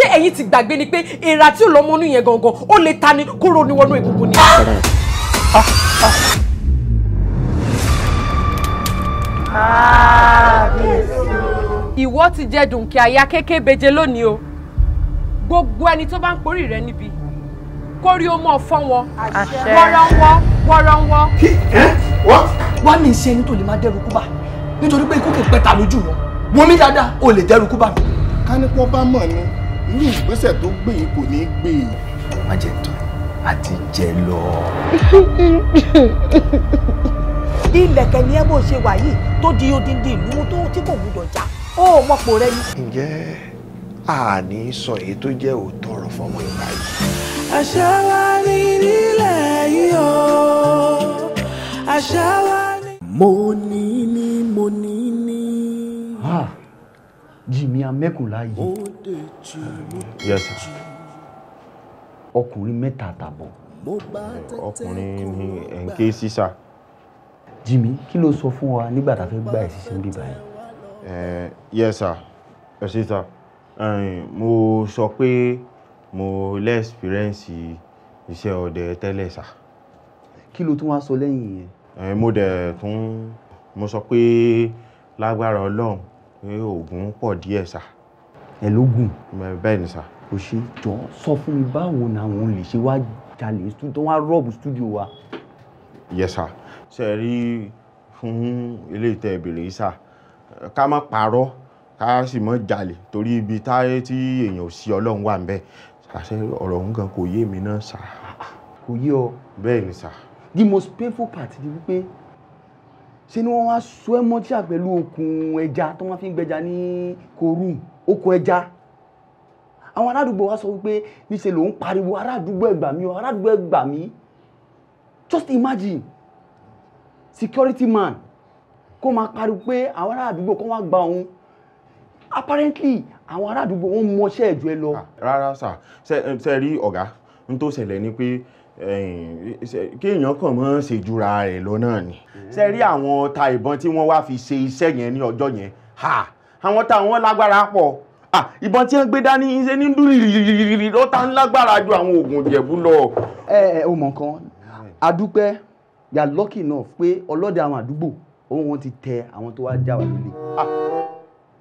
ṣé ẹ̀yin ti gbàgbé ni pé èèrà tí ò lọ́mọ inú yẹn gangan ó lè ta ni kúrò ní wọnú egungun ni. Ah, ah. Ah, ìwọ ti jẹ dùnkẹ́ àyà kéké lónìí o gbogbo ẹni tó bá ń porí rẹ níbi kó rí o mọ̀ fọ́n wọn wọ́rọ́wọ́ wọ́rọ́wọ́. wá mi ṣe ẹni tó lè máa dẹ́rù kúbà nítorí pé ikú kì í pẹ́ta lójú wọn wọ́n mi dáadáa o lè dẹ́rù kúbà mi. ká ní pọ́n bá mọ̀ ni irú ìgbésẹ̀ tó gbé yìí kò ní gbé e. má jẹ tán àti jẹ lọ. ilẹ̀kẹ̀ ni ẹ bó ṣe wà yìí tó di odindi ìlú tó tí kò gbúdọ̀ já ó mọ̀pọ̀ rẹ ni. ǹjẹ́ àní sọ èyí tó jẹ́ òótọ́ ọ̀rọ̀ fọmọ ìgbà yìí. àṣà wa ni nílẹ̀ yìí o àṣà wa ni. mo ní ní mo ní ní. Jimmy Amẹ́kùnlá yìí yes sir ọkùnrin mẹ́ta àtàbọ̀ ọkùnrin ní ẹ̀ǹkẹ́ sísà. Jimmy kí ló sọ fún wa nígbà tá a fẹ́ gbà ẹ̀ sísè ń yes sir ẹ ṣe sir mo sọ pé mo lẹ́ẹ̀sìpírẹ́ǹsì iṣẹ́ ọdẹ tẹ́lẹ̀ sir. kí ló tún wá sọ lẹ́yìn yẹn. mo dẹ̀ tún mo sọ pé lágbára ọlọ́run oògùn pọ̀ díẹ̀ sà. ẹ lóògùn. bẹ́ẹ̀ ni sà. kò ṣe jọ sọ fún mi báwo ni àwọn olè ṣe wá jalè tó wá rọ́ọ̀bù stúdíò wa. yes sà ṣe rí fún ilé ìtẹ́ ìbèrè yìí sà ká má parọ́ ká sì má jalè torí ibi táyé tí èèyàn ò sí ọlọ́run wà ń bẹ̀ àṣẹ ọ̀rọ̀ òun gan kò yé mi náà sà. kò yé ọ. bẹ́ẹ̀ ni sà. the most painful part ni wípé ṣe ni wọ́n wá so ẹ́ mọ́tíṣà pẹ̀lú okùn ẹja tó wọ́n fi ń gbẹja ní koru okùn ẹja àwọn aládùúgbò wa sọ wípé níṣẹ́ ló ń pariwo aládùúgbò ẹ gbà o aládùúgbò ẹ gbà just imagine security man kó máa pariwo pé àwọn aládùúgbò kan wá gba òun apparently àwọn aládùúgbò wọn mọṣẹ́ ẹ̀jọ́ ẹ lọ. Ah, rárá sà ṣe rí ọ̀gá n tó ṣẹlẹ̀ ni pé kí èèyàn kàn mọ́ ṣèjúra rẹ̀ lọ náà ni ṣe rí àwọn ta ìbọn tí wọ́n wá fi ṣe iṣẹ́ yẹn ní ọjọ́ yẹn ha àwọn ta àwọn lágbára pọ̀ ìbọn tí wọ́n gbé dání ṣe ní dúrìrìrìrì ló ta ń lágbára ju àwọn oògùn ìjẹ̀bú lọ. ẹ ẹ o mọ nǹkan adúpẹ́ yà lọ́kì náà pé ọlọ́dẹ àwọn àdúgbò owó wọn ti tẹ àwọn tó wá já wà lólè.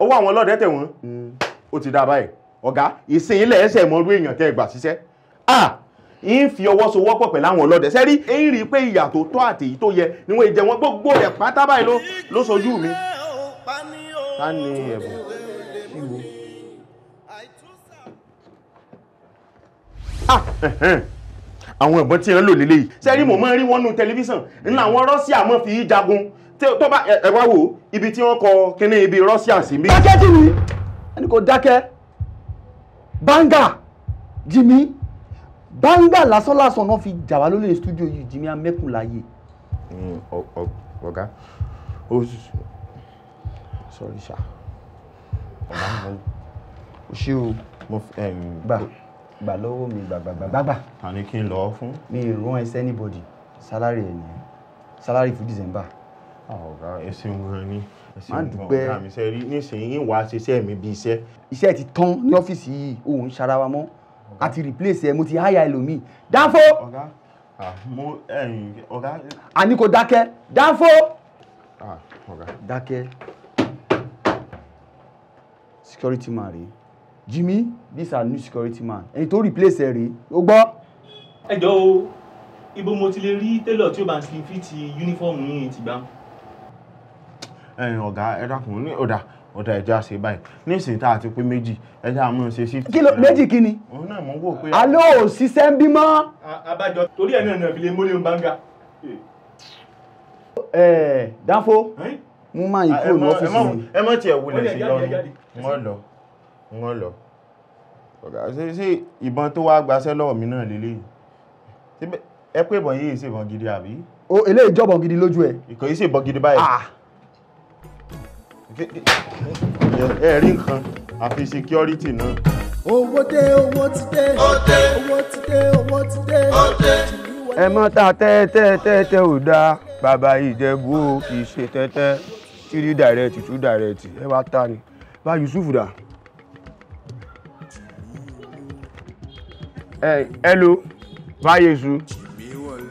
owó àwọn ọlọ́dẹ tẹ̀ wọ́n hmm. ó ti dá báyìí ọ̀gá ìsìn ilẹ̀ ẹsẹ̀ mọ́rú èèyàn tẹ́ ẹ gbà síṣẹ́ ń fi ọwọ́ so wọ́pọ̀ pẹ̀lú àwọn ọlọ́dẹ sẹ́rí ń rí i pé ìyà tó tọ́ àti èyí tó yẹ ni wọ́n jẹ wọn gbogbo rẹ̀ pátá báyìí ló ló sojú mi. ta ni ẹ̀bùn kí wo. Ah, àwọn ẹ̀bùn tí wọ́n lò lélẹ́yìí sẹ́rí mo máa ń rí wọn nu tẹlifíṣàn ńlá àwọn rọ́ṣíà mọ́ fi í jagun tó bá ẹ wá wò ibi tí wọ́n kọ kíní ibi Russia sí mi. dákẹ́ jimmy ẹni kò dákẹ́ banga jimmy gbangba lásán lásán náà fi jà wá lólè studio yìí jimmy amẹ́kùn láàyè. Hmm, ọ̀gá ó sọ̀rí ṣá ọ̀gá ó ṣe o mo gbà gbà lọ́wọ́ mi gbàgbàgbàgbà. àní kí n lọ fún. mi ì rán ẹsẹ̀ anybody salary ẹ̀ nìyẹn salary fún december. Ah, ọ̀gá ẹsẹ̀ wọn ni má dúpẹ́ ọ̀gá mi sẹ́rí nísìnyí wàá ṣiṣẹ́ mi bí iṣẹ́. iṣẹ́ ti tán ní ọ́fíìsì yìí òun ń mọ́ àti replace ẹ mo ti haya ẹlòmíì dáfó. ọ̀gá mo ẹ̀yìn ọ̀gá. àní kò dákẹ́ dáfó. dákẹ́ security man rèé Jimmy this our new security man ẹni tó replace ẹ rèé ó gbọ́. ẹ jọ o ibo mo ti lè rí télọ̀ tí ó bá ń skin fit yúnífọ́ọ̀mù yìí ti gbà. ọ̀gá ẹ dákun ní ọ̀dà ọ̀dà ẹja ṣe báyìí nísìnyí tá a ti pé méjì ẹja àmọ́ ṣe sí. kí ló méjì kí ni. òun náà mọ̀ ń wò pé. alo ṣiṣẹ́ ń bímọ. abájọ torí ẹ̀ náà nà fi lè mọ́lé ń bánga. ẹ ẹ dáfó mo máa yí kúrò ní ọ́fíìsì mi. ẹ mọ tiẹ̀ wulẹ̀ sí lọ́rùn wọ́n lọ wọ́n lọ. ṣé ìbọn tó wá gbaṣẹ́ lọ́wọ́ mi náà lélẹ́yìn ẹ pé ìbọn yìí ṣèbọn gidi àbí. o eléyìí jọ̀bọ̀n gidi lójú ẹ. ìkọ̀ yìí ṣèbọn gidi báyìí. Ah ẹ rí nǹkan àfi security náà. owó dé owó ti dé owó ti dé owó ti dé. ẹ mọ ta tẹ́tẹ́ tẹ́tẹ́ ò dáa bàbá ìjẹ̀bú o kì í ṣe tẹ́tẹ́ tírí dàrẹ́tì tú dàrẹ́tì ẹ wá ta ni bá Yusuf dà. ẹ ẹ lo báyé su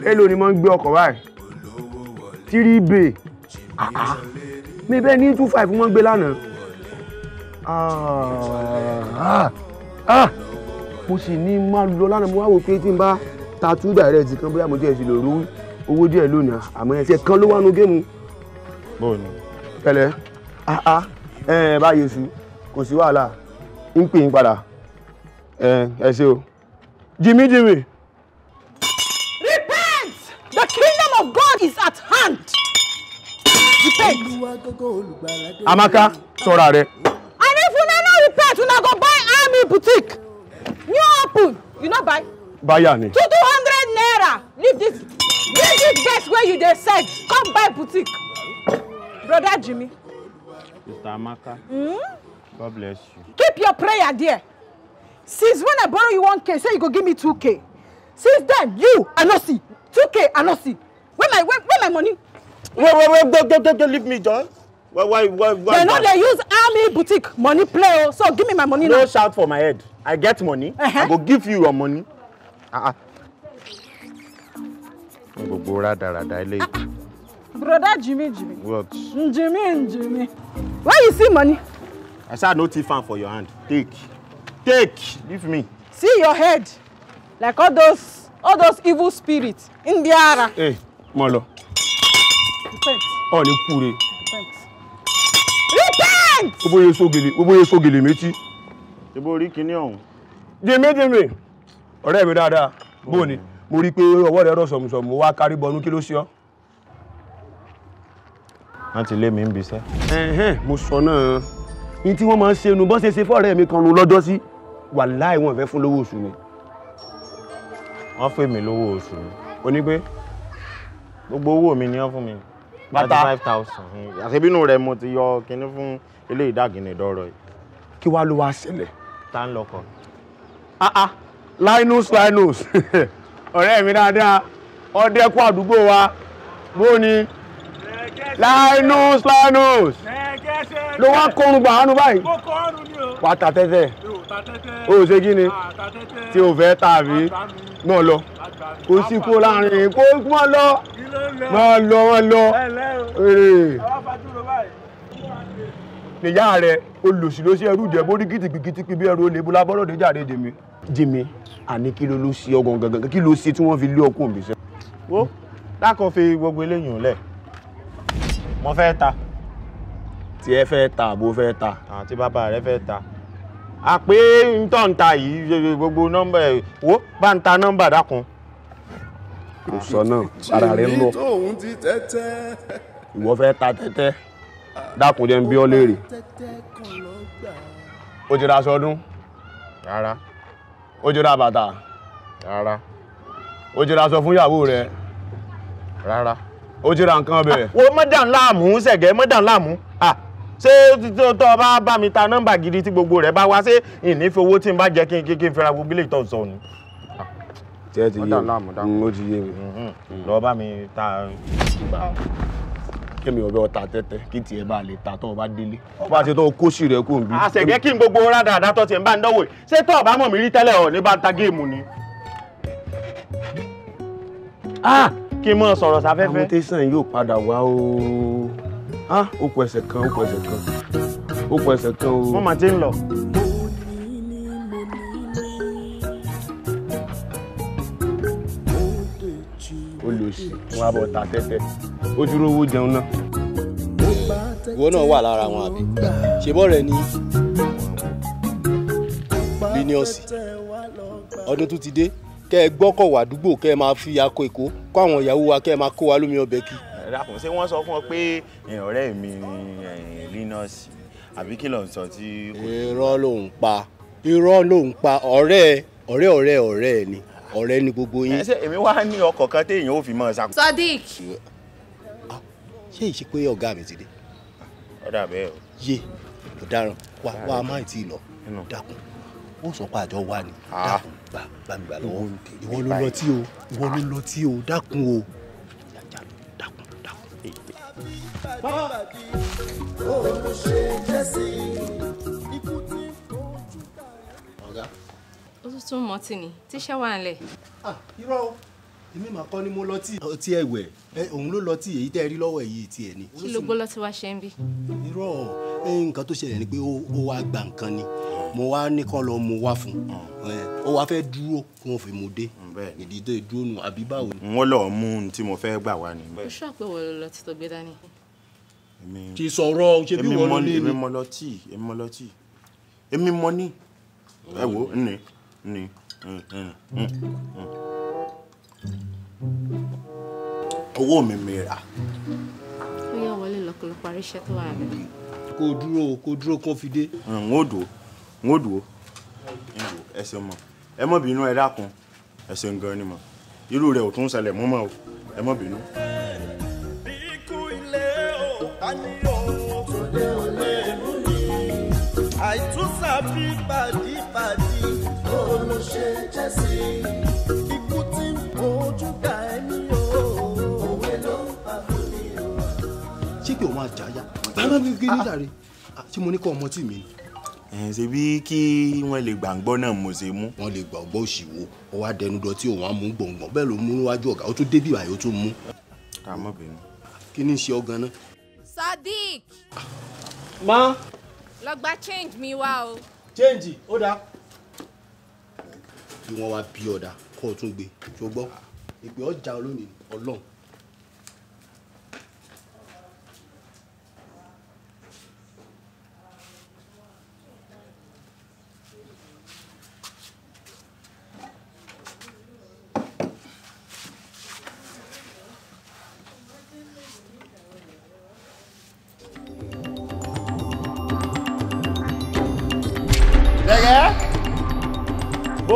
èló ni mo ń gbé ọkọ̀ báyìí tírí bè mi bẹ́ẹ̀ ní two five wọ́n gbé lánàá. Ah, ah, ah. mo sì ní máa lọ lánàá mo wá wò pé tí n bá ta two direct kan bóyá mo jẹ́ ìṣẹ̀lẹ̀ òru owó díẹ̀ lónìí àmọ́ ẹ̀sẹ̀ kan ló wà nù géèmù. bóòlù. pẹ̀lẹ́ ẹ báyìí sùn kò sí wàhálà ń pè yín padà ẹ ẹ ṣe o jimmy jimmy. Amaka, ṣọ́ra rẹ. And if You no You una go buy army boutique. New open, you no buy. Buy any. Two two hundred naira. Leave this leave this best where you dey sell. Come buy boutique. Brother Jimmy. Mr. Amaka. Hmm. God bless you. Keep your prayer dear. Since when I borrow you 1k, say you go give me 2k. Since then, you, I no see. 2k, I no see. Where my where, where my money? wait wait wait don't don't don't, leave me John why why why why. they know they use army boutique money play o oh. so give me my money no now. no shout for my head i get money uh -huh. i go give you your money. Uh -uh. gbogbo rádaràda ah, Brother jimmy jimmy. what. jimmy jimmy where you see money. i say no thief am for your hand take take Leave me. see your head like all those all those evil spirits in the ara. hey eh, Molo ọ̀ Oh, you repent. ó bóyá sógele ó so sógele méjì. ibo orí kìíní ọ̀hún. jèmi jèmi ọ̀rẹ́ mi dáadáa bó ni mo rí i pé ọwọ́ rẹ̀ rọ̀ sọ̀mùsọ̀mù wá kárí bọnú kí ló ṣe ọ́. wọ́n ti lé mi ń bisẹ́. mo sọ náà ní tí wọ́n máa se ṣe nu bọ́n ṣe ṣe fọ́ọ̀rẹ́ mi kan nu lọ́jọ́ sí wàláì wọ́n fẹ́ fún lowo oṣù mi. wọ́n fún mi lówó oṣù mi. o ní gbogbo owó mi ni wọ́n fún mi bàtà five thousand àṣebínú rẹ mo ti yọ kinní fún ilé ìdágìnì dọ́rọ̀ yìí. kí wàá ló wá ṣẹlẹ̀. tá ń lọkọ. Ah, ah. linus linus ọ̀rẹ́ mi dáadáa ọdẹ kú àdúgbò wa bó ni linus linus ló wá kọrun gbàánu báyìí wàá ta tẹ́tẹ́ o ò ṣe kí ni ah, tí o fẹ́ tàbí náà lọ kò sí kó láàrin kó mọ́ lọ máa lọ wọn lọ nìyá rẹ olùsí ló ṣe ẹrú jẹ bórí kìtìkìtì bí ẹrú olè bọlá bọlọdẹ jáde jèmi. jèmi àní kí ló ló ṣe ọgàn gangan kí ló ṣe tí wọ́n fi lé ọkùnrin mi sẹ. wo lákàn fi gbogbo eléyìí lẹ mo fẹ́ ta. tí ẹ fẹ́ ta àbó fẹ́ ta. àti bàbá rẹ fẹ́ ta. àpé ntọ́ǹta yìí gbogbo nọ́mbà ẹ̀ wo bá ń ta nọ́mbà dákun kò sọ náà ara rẹ ń lọ ìwọ fẹ́ ta tẹ́tẹ́ dákun jẹ́ ń bí ọ léèrè ó ti ra aṣọ rárá ó ti ra bàtà rárá ó ti ra aṣọ fún ìyàwó rẹ rárá ó ti ra nǹkan bẹ̀rẹ̀. Ah, wo mọ́dà láàmú sẹ̀gẹ́ mọ́dà láàmú ah, ṣé tó bá bá mi ta nọ́mbà gidi tí gbogbo rẹ̀ bá wá ṣé ìnífowó tí n bá jẹ́ kí n kí n fẹ́ra gbogbo ilé ìtọ́sọ̀ ni tí ẹ ti yé mi mm, ó ti yé mi. Mm-hmm. lọ bá mi ta ìgbà kémi ọbẹ̀ ọ̀tà tẹ́tẹ́ kí tiẹ̀ bá lè ta tọ́ ọ bá délé. ọba ṣe tó o kó sí rẹ kó n bí. àṣẹ̀gẹ́ kí n gbogbo rádàrádà tó tiẹ̀ ń bá ń dánwò ṣé tọ́ ọ̀bá mọ̀ mí rí tẹ́lẹ̀ ọ̀ ní bá ń ta géèmù ni. kí n mọ̀ sọ̀rọ̀ sáfẹ́fẹ́. àwọn tẹ̀sán yóò padà wá o ó pẹ̀sẹ̀ kan ó pẹ̀sẹ̀ kan ó pẹ̀sẹ̀ kan o. wọ́n máa ti ń lọ. olóṣì wọn á bọ̀ ta tẹ́tẹ́ ó dúró owó jẹun náà. ìwọ náà wà lára wọn àbí ṣe bọ́ rẹ ní bíníọ̀sì ọdún tún ti dé kẹ́ ẹ gbọ́kọ̀ wà àdúgbò kẹ́ ẹ máa fi akọ èkó kó àwọn ìyàwó wa kẹ́ ẹ máa kó wa lómi ọbẹ̀ kí. ṣé wọ́n sọ fún ọ pé ọ̀rẹ́ mi ni Linus àbí kí ló ń sọ tí. irọ́ ló ń pa irọ́ ló ń pa ọ̀rẹ́ ọ̀rẹ́ ọ̀rẹ́ ọ̀rẹ́ ni ọ̀rẹ́ ni gbogbo yín. ṣé èmi wá ní ọkọ̀ kan téèyàn ò fi mọ̀ ṣàkóso. Sadiq. ṣé ìṣe pé ọ̀gá mi ti dé. ọ̀dà bẹ́ẹ̀ o. yé ọ̀daràn wa wa máa ti lọ dákun ó sọ pé àjọ wa ni ah. dákun gbà gbà lọ́wọ́ ìwọ ló lọ tí o ìwọ ló lọ tí o dákun o dákun ó tún tún mọtì ni tíṣẹ́ wà ń lẹ̀. Ah, irọ́ o èmi mà kọ́ ni mo lọ́tì. ọtí ẹ̀wẹ̀ òun ló lọ́tì èyí tẹ́ ẹ rí lọ́wọ́ èyí tiẹ̀ ni. kí ló gbọ́ lọ́tì wá ṣe ń bí. irọ́ nǹkan tó ṣẹlẹ̀ ni pé ó wá gba nǹkan ni mo wá nìkan lọ mo wá fún ó wá fẹ́ dúró kí wọ́n fi mo dé mm, ìdí tó dúró nù àbí báwo ni. wọ́n lọ mú un tí mo fẹ́ gbà wá ni. o ṣọ́ pé wọ́n lọ lọ́tì tó gbé dání. ti sọ̀rọ̀ ṣe bí wọ́n lé mi. èmi mọ lọ́tì èmi mọ lọ́tì èmi mọ ní ẹ wo nìyẹn ni. owó mi mi rà. ó yá wọlé lọ́pọ̀lọpọ̀ àríṣẹ́ tó wà rẹ̀. kó o dúró kó o dúró kó o fi dé. n ó dùn n ó dùn ẹ ṣé mọ ẹ mọ bínú ẹ dákun ẹ gan ni mọ irú rẹ ò tún ṣẹlẹ̀ mọ́ mọ́ o ẹ mọ bínú. àìtúnṣàbí bàdí ṣe jẹ́ sí ikú tí ń bójú gba ẹni o. òwe ló ń pa fún mi o. ṣé kí o máa jà ah, mo ní kọ́ ọmọ tí mi ni. ẹ ṣe bí kí wọ́n lè gbàgbọ́ náà mo ṣe mú. wọ́n lè gbàgbọ́ òṣìwò ó wá dẹnu dọtí òun á mú gbọ̀ngbọ̀n bẹ́ẹ̀ ló mú níwájú ọ̀gá ó tún débì báyìí ó tún mú. àmọ́ bẹ̀rẹ̀. kí ni ṣe ọ ganan. Sadiq. ma. lọ gba change mi wá o. change ó dáa kí wọ́n wá bí ọ̀dà kó o tún gbé ṣùgbọ́n ìpè ọjà lónìí ọlọ́run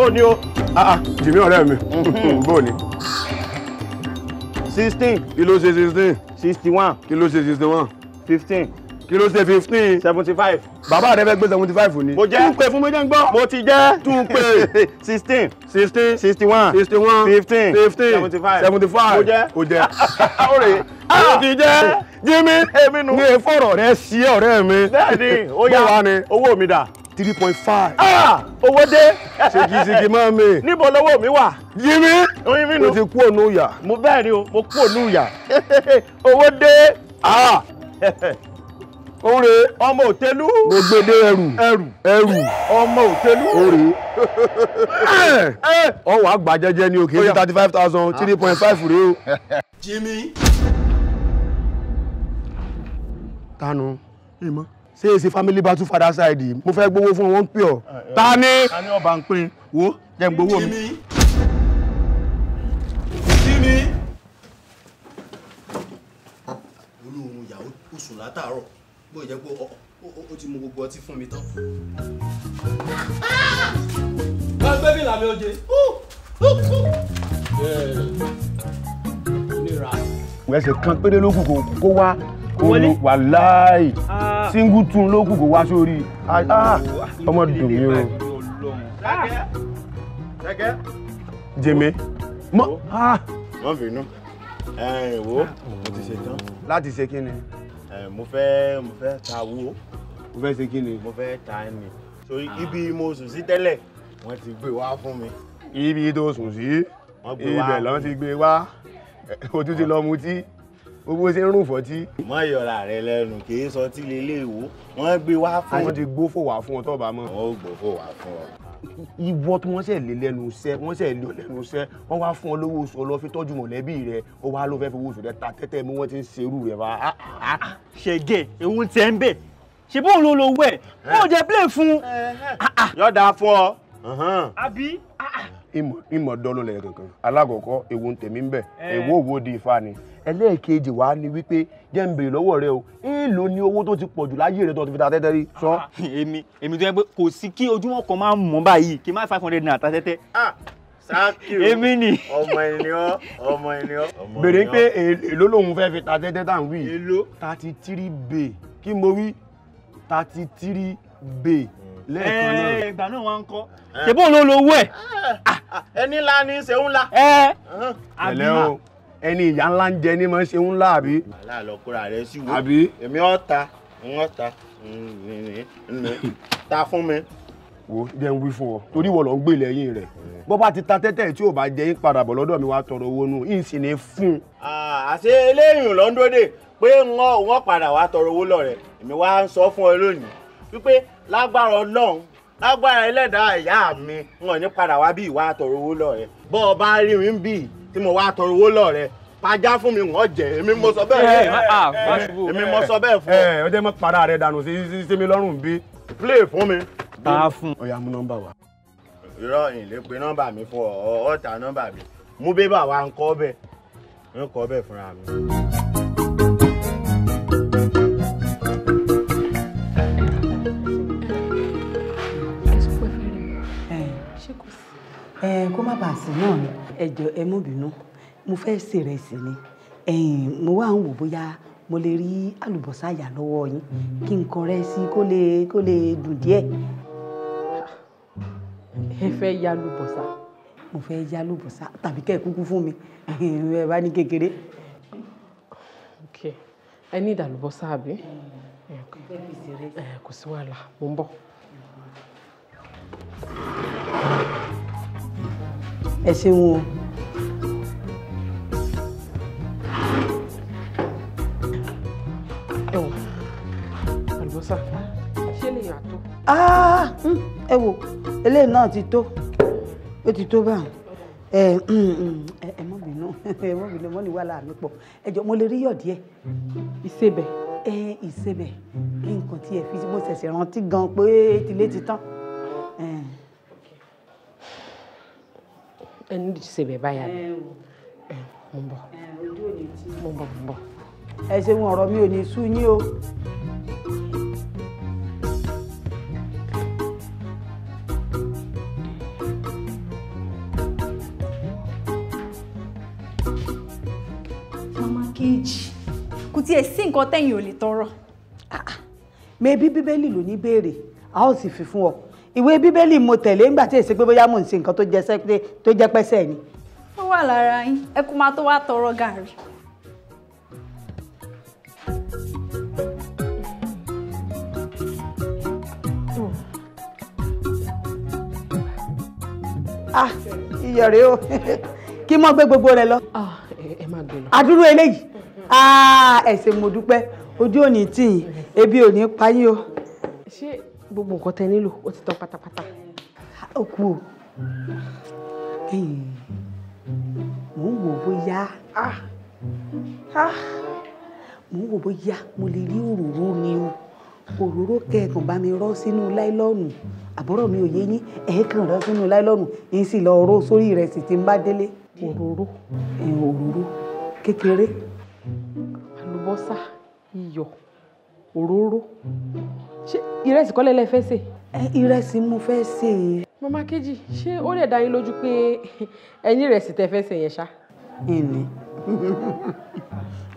ó ní o ah, ah, jìmí ọ̀rẹ́ mi mhm. bó ni. sixteen. kí ló ṣe sixteen. sixty one. kí ló ṣe sixty one. fifteen. kí ló ṣe fifteen. seventy five. bàbá rẹ fẹ́ seventy five ni. mo jẹ́ tún pé fún méjì ń gbọ́. mo ti jẹ́ tún pé. sixteen. sixteen. sixty one. sixty one. fifteen. fifteen. seventy five. seventy five. mo jẹ́. o jẹ́. o rè é. mo ah! ti jẹ́. Jimmy. èmi nù. ní efọ̀rọ̀ rẹ sí ọ̀rẹ́ mi. bẹ́ẹ̀ ni ó yá mi dà three point five. Ah! owó dé. ṣègìṣègì máa mi. níbo lówó mi wà. yìí mi mo ti kú ònú ìyà. mo bẹ́ẹ̀ ni o mo kú ònú ìyà. owó dé. Ah! Ore. Ọmọ òtẹ́lú. Mo gbede ẹrù. Ẹrù. Ẹrù. Ọmọ òtẹ́lú. Ore. Eh! Ọwọ́ àgbà jẹ́jẹ́ ni o kì í ṣe thirty five thousand ah. three point five rèé o. Jimmy. Tanu. Ìmọ̀. Hey, ṣe é ṣe family battle father side mo fẹ́ gbowó fún wọn ń pè ọ́ eh, eh. ta ni. ta ni ọba ń pín wo jẹ́ n gbowó mi. kí ni. olóhùn ìyàwó kò sùn látàárọ̀ bó jẹ́ pé ó ti mu gbogbo ọtí fún mi tán. gbàgbé mi làmì oje. wẹ́sẹ̀ eh, kan péré ló kù kó wá kò wàláì ah. single tune ló kù kò wá sórí ah. Ah, ọmọ dùn mí o. jèmi mọ. wọ́n fi inú wo mo ti ṣe tán. láti ṣe kí ni. mo fẹ́ mo fẹ́ ta wo. mo fẹ́ ṣe kí ni. mo fẹ́ ta ẹni. so ibi mo sùn sí tẹ́lẹ̀ wọ́n ti gbé wá fún mi. ibi tó sùn sí ibẹ̀ lọ́n ti gbé wá o ti lọ mutí gbogbo ṣe ń rún fọtí. má yọra rẹ lẹ́nu kì í sọ tí lélẹ ìwò wọn gbé wá fún. wọn ti gbófò wá fún ọ tó bá mọ. wọn ò gbófò wá fún ọ. ìwọ tí wọn ṣe lé lẹ́nu iṣẹ́ wọn ṣe lé lẹ́nu iṣẹ́ wọn wá fún ọ lówó oṣù ọlọ fi tọ́jú mọ̀lẹ́bí rẹ ó wá ló fẹ́ fi owó rẹ ta tẹ́tẹ́ mú wọn ti ń ṣerú rẹ wá. Ah, ah, ah, ṣègè ewu tẹ ń bẹ ṣe bóun ló lo wẹ bóun jẹ play fún. yọ̀dà fún ọ. àbí ìmọ̀ dọ́lọ́ lẹ̀ kankan alákọ̀ọ́kọ́ èwo ń tèmi ń bẹ̀ èwo òwò di ifá ni ẹlẹ́ẹ̀kejì wá ni wípé jẹ́ ń bèrè lọ́wọ́ rẹ o èèlò ni owó tó ti pọ̀ jù láyé rẹ tó ti fi ta tẹ́tẹ́ rí sọ. Ah, èmi èmi tó yẹ pé kò sí kí ojúmọ́ kan máa mú báyìí kí n má five hundred naira ta tẹ́tẹ́. sáàkì ah, o èmi ni ọmọ ènìyàn ọmọ ènìyàn. bèrè pé èèlò lòun fẹ́ fi ta tẹ́tẹ́ tá à ń wí. èèlò thirty three bay kí mo wí thirty three bay lẹ́ẹ̀kan náà eh, ìgbà náà wọn ń kọ́ eh. ló lo owó ẹ̀. Ah, eh, ẹni ńlá ni ṣe ń la. ẹ ẹlẹ o ẹni ìyá ńlá ń jẹ ní máa ṣe ń la àbí. wàhálà lọkùnrin rẹ sì wò àbí èmi ọ̀ta ọ̀ta ta fún mi. wo jẹ́ ń wí fún ọ torí wọ́n lọ ń gbé lẹ́yìn rẹ̀ bó bá ti ta tẹ́tẹ́ tí ò bá jẹ́ yín padà bọ̀ lọ́dọ̀ mi wá tọrọ owó nù yín sì ní fún. àṣé eléyìí ló ń dóde pé wọ́n padà wá tọrọ owó lọ́rẹ̀ èmi wá ń sọ fún ọ lónìí wípé lágbára ọlọ́run lágbára ẹlẹ́dàá ìyá mi wọn ní padà wá bí ìwà àtọ̀rọ̀ owó lọ rẹ bọ́ ọ bá rí mi bì tí mo wá àtọ̀rọ̀ owó lọ rẹ pàjá fún mi wọ́n jẹ èmi mo sọ bẹ́ẹ̀ fún eh, eh, ah, èmi mo sọ bẹ́ẹ̀ fún. Eh, ẹ ẹ ọjọ́ mọ́ para rẹ dànù sí sí sí mi lọ́rùn bí. play fún mi. bá a fún. ọ̀ya mú nọ́mbà wa. irọ́ ìyìn pe nọ́mbà mi fún ọ ọ̀ọ́ta nọ́mbà mi mú bébà wa ń kọ́ bẹ́ẹ̀ ń kọ́ bẹ́ẹ̀ fúnra mi. ẹ kó má bàa sí náà ni ẹ jọ ẹ mú bínú mo fẹ́ ṣe rẹ̀ sí ni mo wá ń wò bóyá mo lè rí àlùbọ́sà yà lọ́wọ́ yín kí n kọrẹ́ sí kó lè kó lè dùn díẹ̀. ẹ fẹ́ ya àlùbọ́sà. mo fẹ́ ya àlùbọ́sà tàbí kẹ́ ẹ̀ kúkú fún mi ẹ bá ní kékeré. ok ẹ ní ìdàlùbọ́sà àbí kò sí wàhálà mo ń bọ̀ ẹ ṣeun o. ẹ wò àlùbọ́sà ṣé lè yàn àtó. Ah, hmm, ẹ wò eléyìí náà ti tó ó ti tó báyìí ẹ hmm, hmm, ẹ mọ bínú ẹ mọ bínú mọ ní wàhálà mi pọ̀ ẹ jọ mo lè rí yọ díẹ̀ ìsebẹ ẹ ìsebẹ nǹkan tí ẹ fi mo ṣẹ̀ṣẹ̀ rántí gan pé tilé ti tán. Eh ẹnu ti ṣe bẹ́ẹ̀ báyà ni mo ń bọ̀ mo ń bọ̀ mo ń bọ̀. ẹ ṣeun ọ̀rọ̀ mi ò ní sú yín o. tiẹ̀ sí nǹkan tẹ̀yìn ò lè tọrọ. Ah, ah. mẹ́bí bíbélì ló ní béèrè a ó sì fi fún ọ ìwé bíbélì mo tẹ̀lé ńgbà tí èsì pé bóyá mò ń ṣe nǹkan tó jẹ sẹ́pẹ́ tó jẹ pẹ́sẹ́ ni. ó wà lára yín ẹ kó máa tó wá tọrọ gàárì. ah iyọ̀ rẹ o kí mọ́ gbé gbogbo rẹ lọ. Ah, ẹ má gbé lọ. àdúró eléyìí ah, ẹ ṣé mo dúpẹ́ ojú ò ní tì yín ebi ò ní pa o. ṣé gbogbo nǹkan tẹ nílò ó ti tán pátápátá ó kú o mò ń wò bóyá mò ni o òróró kẹẹkan bá mi rọ sínú láìlọ́ọ̀nù àbúrò mi ò yé yín ẹ̀ẹ́kan rọ sínú láìlọ́ọ̀nù yín lọ ró sórí ìrẹsì ń bá délé òróró òróró ṣé ìrẹsì kọ́lẹ̀ lẹ fẹ́ sè. ìrẹsì mo fẹ́ sè. mama kejì ṣé ó lè dá yín lójú pé ẹ̀yin ìrẹsì tẹ fẹ́ sè yẹn ṣá. ìní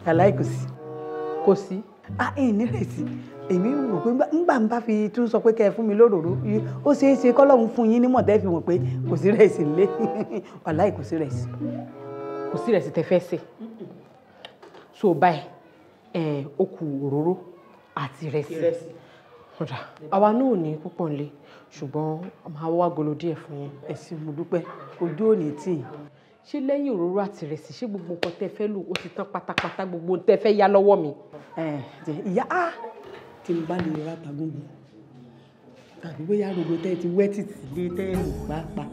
aláì kò sí. kò sí. a ìní ìrẹsì èmi rò pé ńgbà ń bá fi tún sọ pé kẹ́ ẹ fún mi lóròró ó ṣeé ṣe kọ́lọ́run fún yín nímọ̀ tẹ́ fi mọ̀ pé kò sí ìrẹsì nílé aláì kò sí ìrẹsì. kò sí ìrẹsì tẹ fẹ́ sè so báyìí ó kù òróró àti ìrẹsì. ìrẹsì ọ̀dà àwa náà ò ní púpọ̀ nílé ṣùgbọ́n máa wá golo díẹ̀ fún yín. ẹ ṣé mo dúpẹ́ ojú ò ní tì í ṣé lẹ́yìn òróró àti ìrẹsì ṣé gbogbo nǹkan tẹ́ fẹ́ lò ó ti tán pátápátá gbogbo nǹkan tẹ́ fẹ́ yá lọ́wọ́ mi. ìyá á tí n bá lè ra tàgùnbù tàbí bóyá gbogbo tẹ́ ti wẹ́ títì lé tẹ́ ẹ̀ pàápàá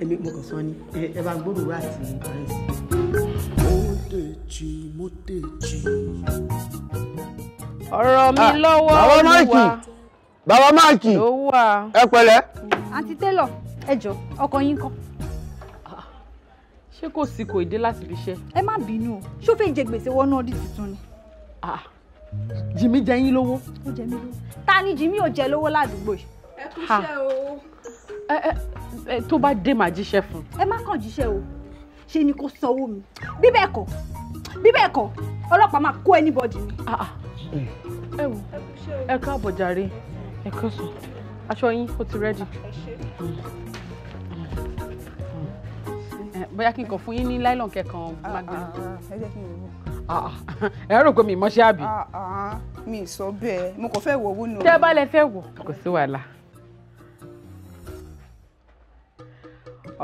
èmi mo kàn sọ ni ẹ bá gbọ́dọ̀ wá àti ìrẹsì. mo dèjì mo dèjì ọ̀rọ̀ mi ah, lọ́wọ́ olúwa bàbá máàkì ẹ pẹ̀lẹ́. àǹtí tẹ́lọ̀ ẹ jọ ọkọ yín kọ́. ṣé kò sí kò dé láti fi ṣe. ẹ má bínú o ṣó fẹ́ jẹ gbèsè wọnú ọdún tuntun ni. Ah, jìmí jẹ yín lówó. ó jẹ mí lówó ta ni jìmí ò jẹ lówó ládùúgbò yìí. ẹ kú iṣẹ́ o. ẹ ẹ tó bá dé màá jíṣẹ́ fún. ẹ má kàn jíṣẹ́ o ṣe ni kò sanwó mi bí bẹ́ẹ̀ kọ́ bí ọlọ́pàá máa kó anybody ni. Ah, ẹ wò ẹ káàbọ̀ jàre ẹ kọ́sùn aṣọ yín ó ti rẹ́dì. bóyá kí n kàn fún yín ní láìlọ́n kẹ̀kan ah, ah, magbẹ́. Ah, ẹ rò pé mi mọ́ṣẹ́ àbí. mi ì sọ bẹ́ẹ̀ mo kàn fẹ́ wò owó nù. tẹ́ bá lẹ fẹ́ wò. kò sí wàhálà.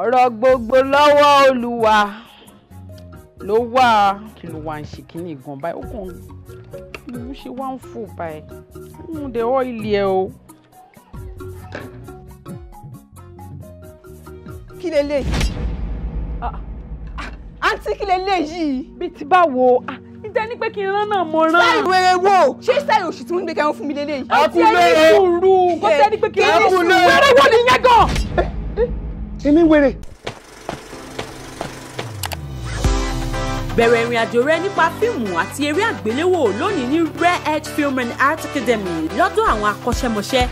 ọ̀rọ̀ gbogbo lọ́wọ́ Olúwa ló wà kí ló wá ń ṣe kí ní ìgàn báyìí ó kàn ń ṣe wá ń fò báyìí ń de ọ́ ilé ẹ o. kí leléyìí ah, ah, àǹtí kí leléyìí. bí ti bá wo ah, ìjẹ́ ní pé kí n rán náà mo rán. sáì wẹ̀rẹ̀ wo ṣé sáì òṣì tí wọ́n ń gbé kẹrin fún mi lélẹ́yìí. ẹkúlẹ̀ ẹkúlẹ̀ ẹkúlẹ̀ ẹkúlẹ̀ ẹkúlẹ̀ ẹkúlẹ̀ ẹkúlẹ̀ ẹkúlẹ̀ ẹkúlẹ̀ ẹkúlẹ̀ Bẹ̀rẹ̀ ìrìn àjò rẹ nípa fíìmù àti eré àgbéléwò lónìí ní Rare Edge Film and Art Academy lọ́dọ̀ àwọn akọ́ṣẹ́mọṣẹ́.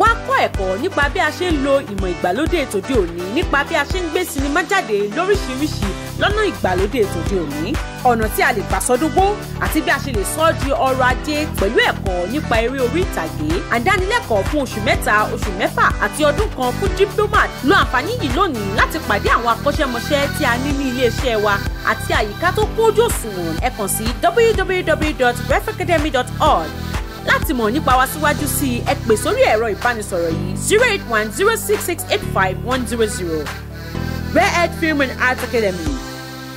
Wá kọ́ ẹ̀kọ́ nípa bí a ṣe ń lo ìmọ̀ ìgbàlódé tòde òní nípa bí a ṣe ń gbé sinimá jáde lóríṣiríṣi lọ́nà ìgbàlódé tòde òní ọ̀nà tí a lè gbà sọdúngbó àti bí a ṣe lè sọ di ọrọ̀ ajé pẹ̀lú ẹ̀kọ́ nípa eré orí ìtàgé àdánilẹ́kọ̀ọ́ fún oṣù mẹ́ta oṣù mẹ́fà àti ọdún kan fún diplomat lo àǹfààní yìí lónìí láti pàdé àwọn akọ́ṣẹ́mọṣẹ́ tí a ní ní iléeṣẹ́ wa àti àyíká tó kójú òṣùwọ̀n ẹ kàn sí www.refacademy.org láti mọ̀ nípa wa síwájú sí i ẹ pè sórí ẹ̀rọ ìbánisọ̀rọ̀ yìí zero eight one zero six six eight five one zero zero Red Film and Art Academy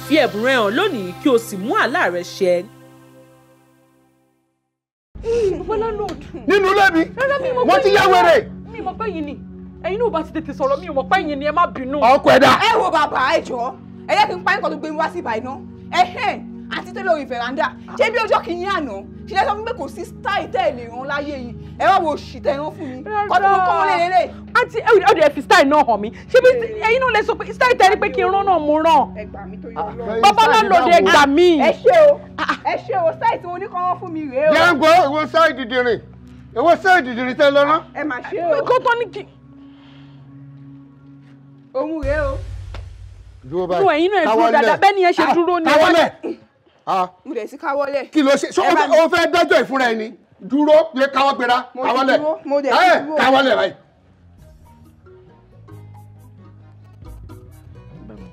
fi ẹ̀bùn rẹ hàn lónìí kí o sì mú àlá rẹ ṣẹ. nínú ilé mi wọ́n ti yá wèrè. mi mọ̀ pé yìí ni ẹ̀yin náà bá ti tètè sọ̀rọ̀ mi mọ̀ pé yìí ni ẹ má bínú. ọkọ ẹ dá. ẹ wo bàbá ẹ jọ ẹ yẹ kí n pa nǹkan tó gbé wá sí ìbàdàn ẹ hẹ́n àti tó lórí veranda ṣé bí ọjọ́ kìíní àná ṣílẹ̀ sọ fún mi pé kò sí style tẹ́ ẹ̀ lè rán láyé yìí ẹ wá wo òṣì tẹ́ ẹ rán fún mi ọdún mo kọ́ wọn lélẹ̀. àǹtí ọdún ẹ fi style náà hàn mí ṣé bí ẹ̀yin náà lè sọ pé style tẹ́ ẹ ní pé kí n rán náà mo rán. bàbá náà lòdì ẹ gbà mí. Ah, ẹ ṣe o ah, ah. ẹ ṣe o style tí mo ní kọ́ wọn fún mi rèé o. jẹ́ǹgbọ́ ìwọ style dìdìrín ìwọ style dìdìrín tẹ́ lọ rán. ẹ mà ṣe o. kó tó ní kí. òun rèé o. dúró báyìí káwọlẹ̀ káwọlẹ̀ Ah. mo dẹ̀ sí káwọ́lẹ̀. kí ló ṣe ṣé o fẹ́ dájọ́ ìfúnra ẹni dúró lè káwọ́ gbéra káwọ́lẹ̀ káwọ́lẹ̀ báyìí.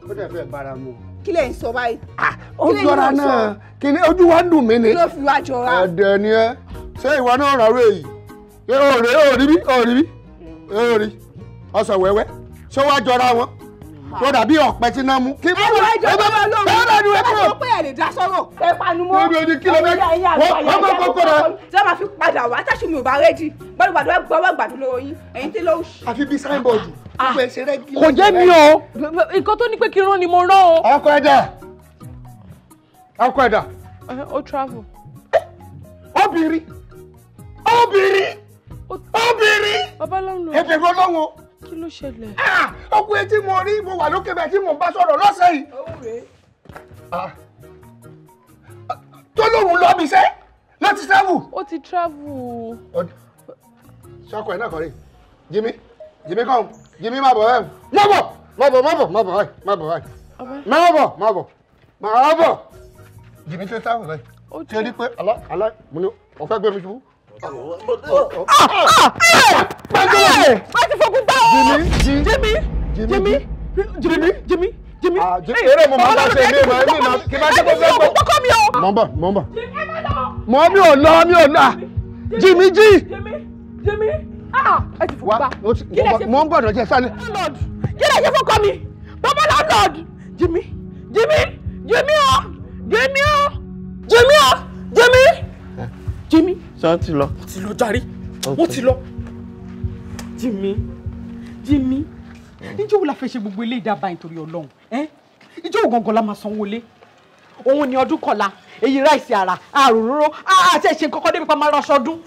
ó dẹ̀ fẹ́ bára mu. kí lè ń sọ báyìí. ó ah, jọra náà kí ni ojú wa ń dùn mí ni. kí ló fi wá jọra. ẹ̀dẹ̀ ni ẹ ṣé ìwà náà rà rẹ̀ yìí òòrè òòrí bí òòrí bí òòrí ọ̀sán wẹ́wẹ́ ṣé wàá jọra wọn tó dàbí ọ̀pẹ tí náà mú. ẹ wọ ẹjọ bá bá lórí ẹ bá sọ pé ẹ lè dá sọ̀rọ̀ ẹ panumọ́ lórí odi kìlómítà wọn bá kó kó rẹ. tí wọn máa fi padà wá tẹsí mi ò bá rẹ́dì gbọ́dọ̀ gbàdúrà gbọ́dọ̀ gbàdúrà yín ẹ̀yin tí ló ń. àfi bíi sáínbọ̀dù kò jẹ́ mi o nǹkan tó ní pé kí n rán ni mo rán o. ọkọ ẹ̀dá ọkọ ẹ̀dá. ó travel. obìnrin obìnrin obìnrin. babaláwo. ètò ìfọlọ́wọ́ kí ló ṣẹlẹ̀. ọkùnrin tí mo rí mo wà lókè bẹ́ẹ̀ tí mo bá sọ̀rọ̀ lọ́sẹ̀ yìí. Ah. Ah. tó lóun lọ bí iṣẹ́ ló ti travel. ó ti travel. sọkọ ẹ náà kọ rí Jimmy Jimmy kàn Jimmy má bọ̀ ẹ̀ má bọ̀ má bọ̀ má bọ̀ má bọ̀ má bọ̀ má bọ̀ má bọ̀ má bọ̀ Jimmy tó travel rẹ̀ tí o rí pé alá alá mo ní ọ̀fẹ́ gbé mi ṣubú wọ́n ti fokú gbá o jimi jimi jimi jimi jimi. eré mo máa bá ṣe mí ma mí ma kí n bá ṣe kó fẹ́ gbọ́. ọkọ mi o. mọ bọ mọ bọ mọ mi ò lọ mi ò lọ jimi jí. jimi ẹ ti fokú gbá. mo ń bọ̀ ṣé wọ́n ti lọ. wọ́n ti lọ jàre wọ́n ti lọ. Jimmy Jimmy níjẹ́ wo la fẹ́ ṣe gbogbo ilé ìdábàá nítorí Ọlọ́run ìjọ ògàngàn la máa sanwó lé òun ni ọdún kọ̀la èyí ráìsì àrà àròróró àti ẹ̀ṣẹ̀ kọ́kọ́ débi pa máa rọṣọ ọdún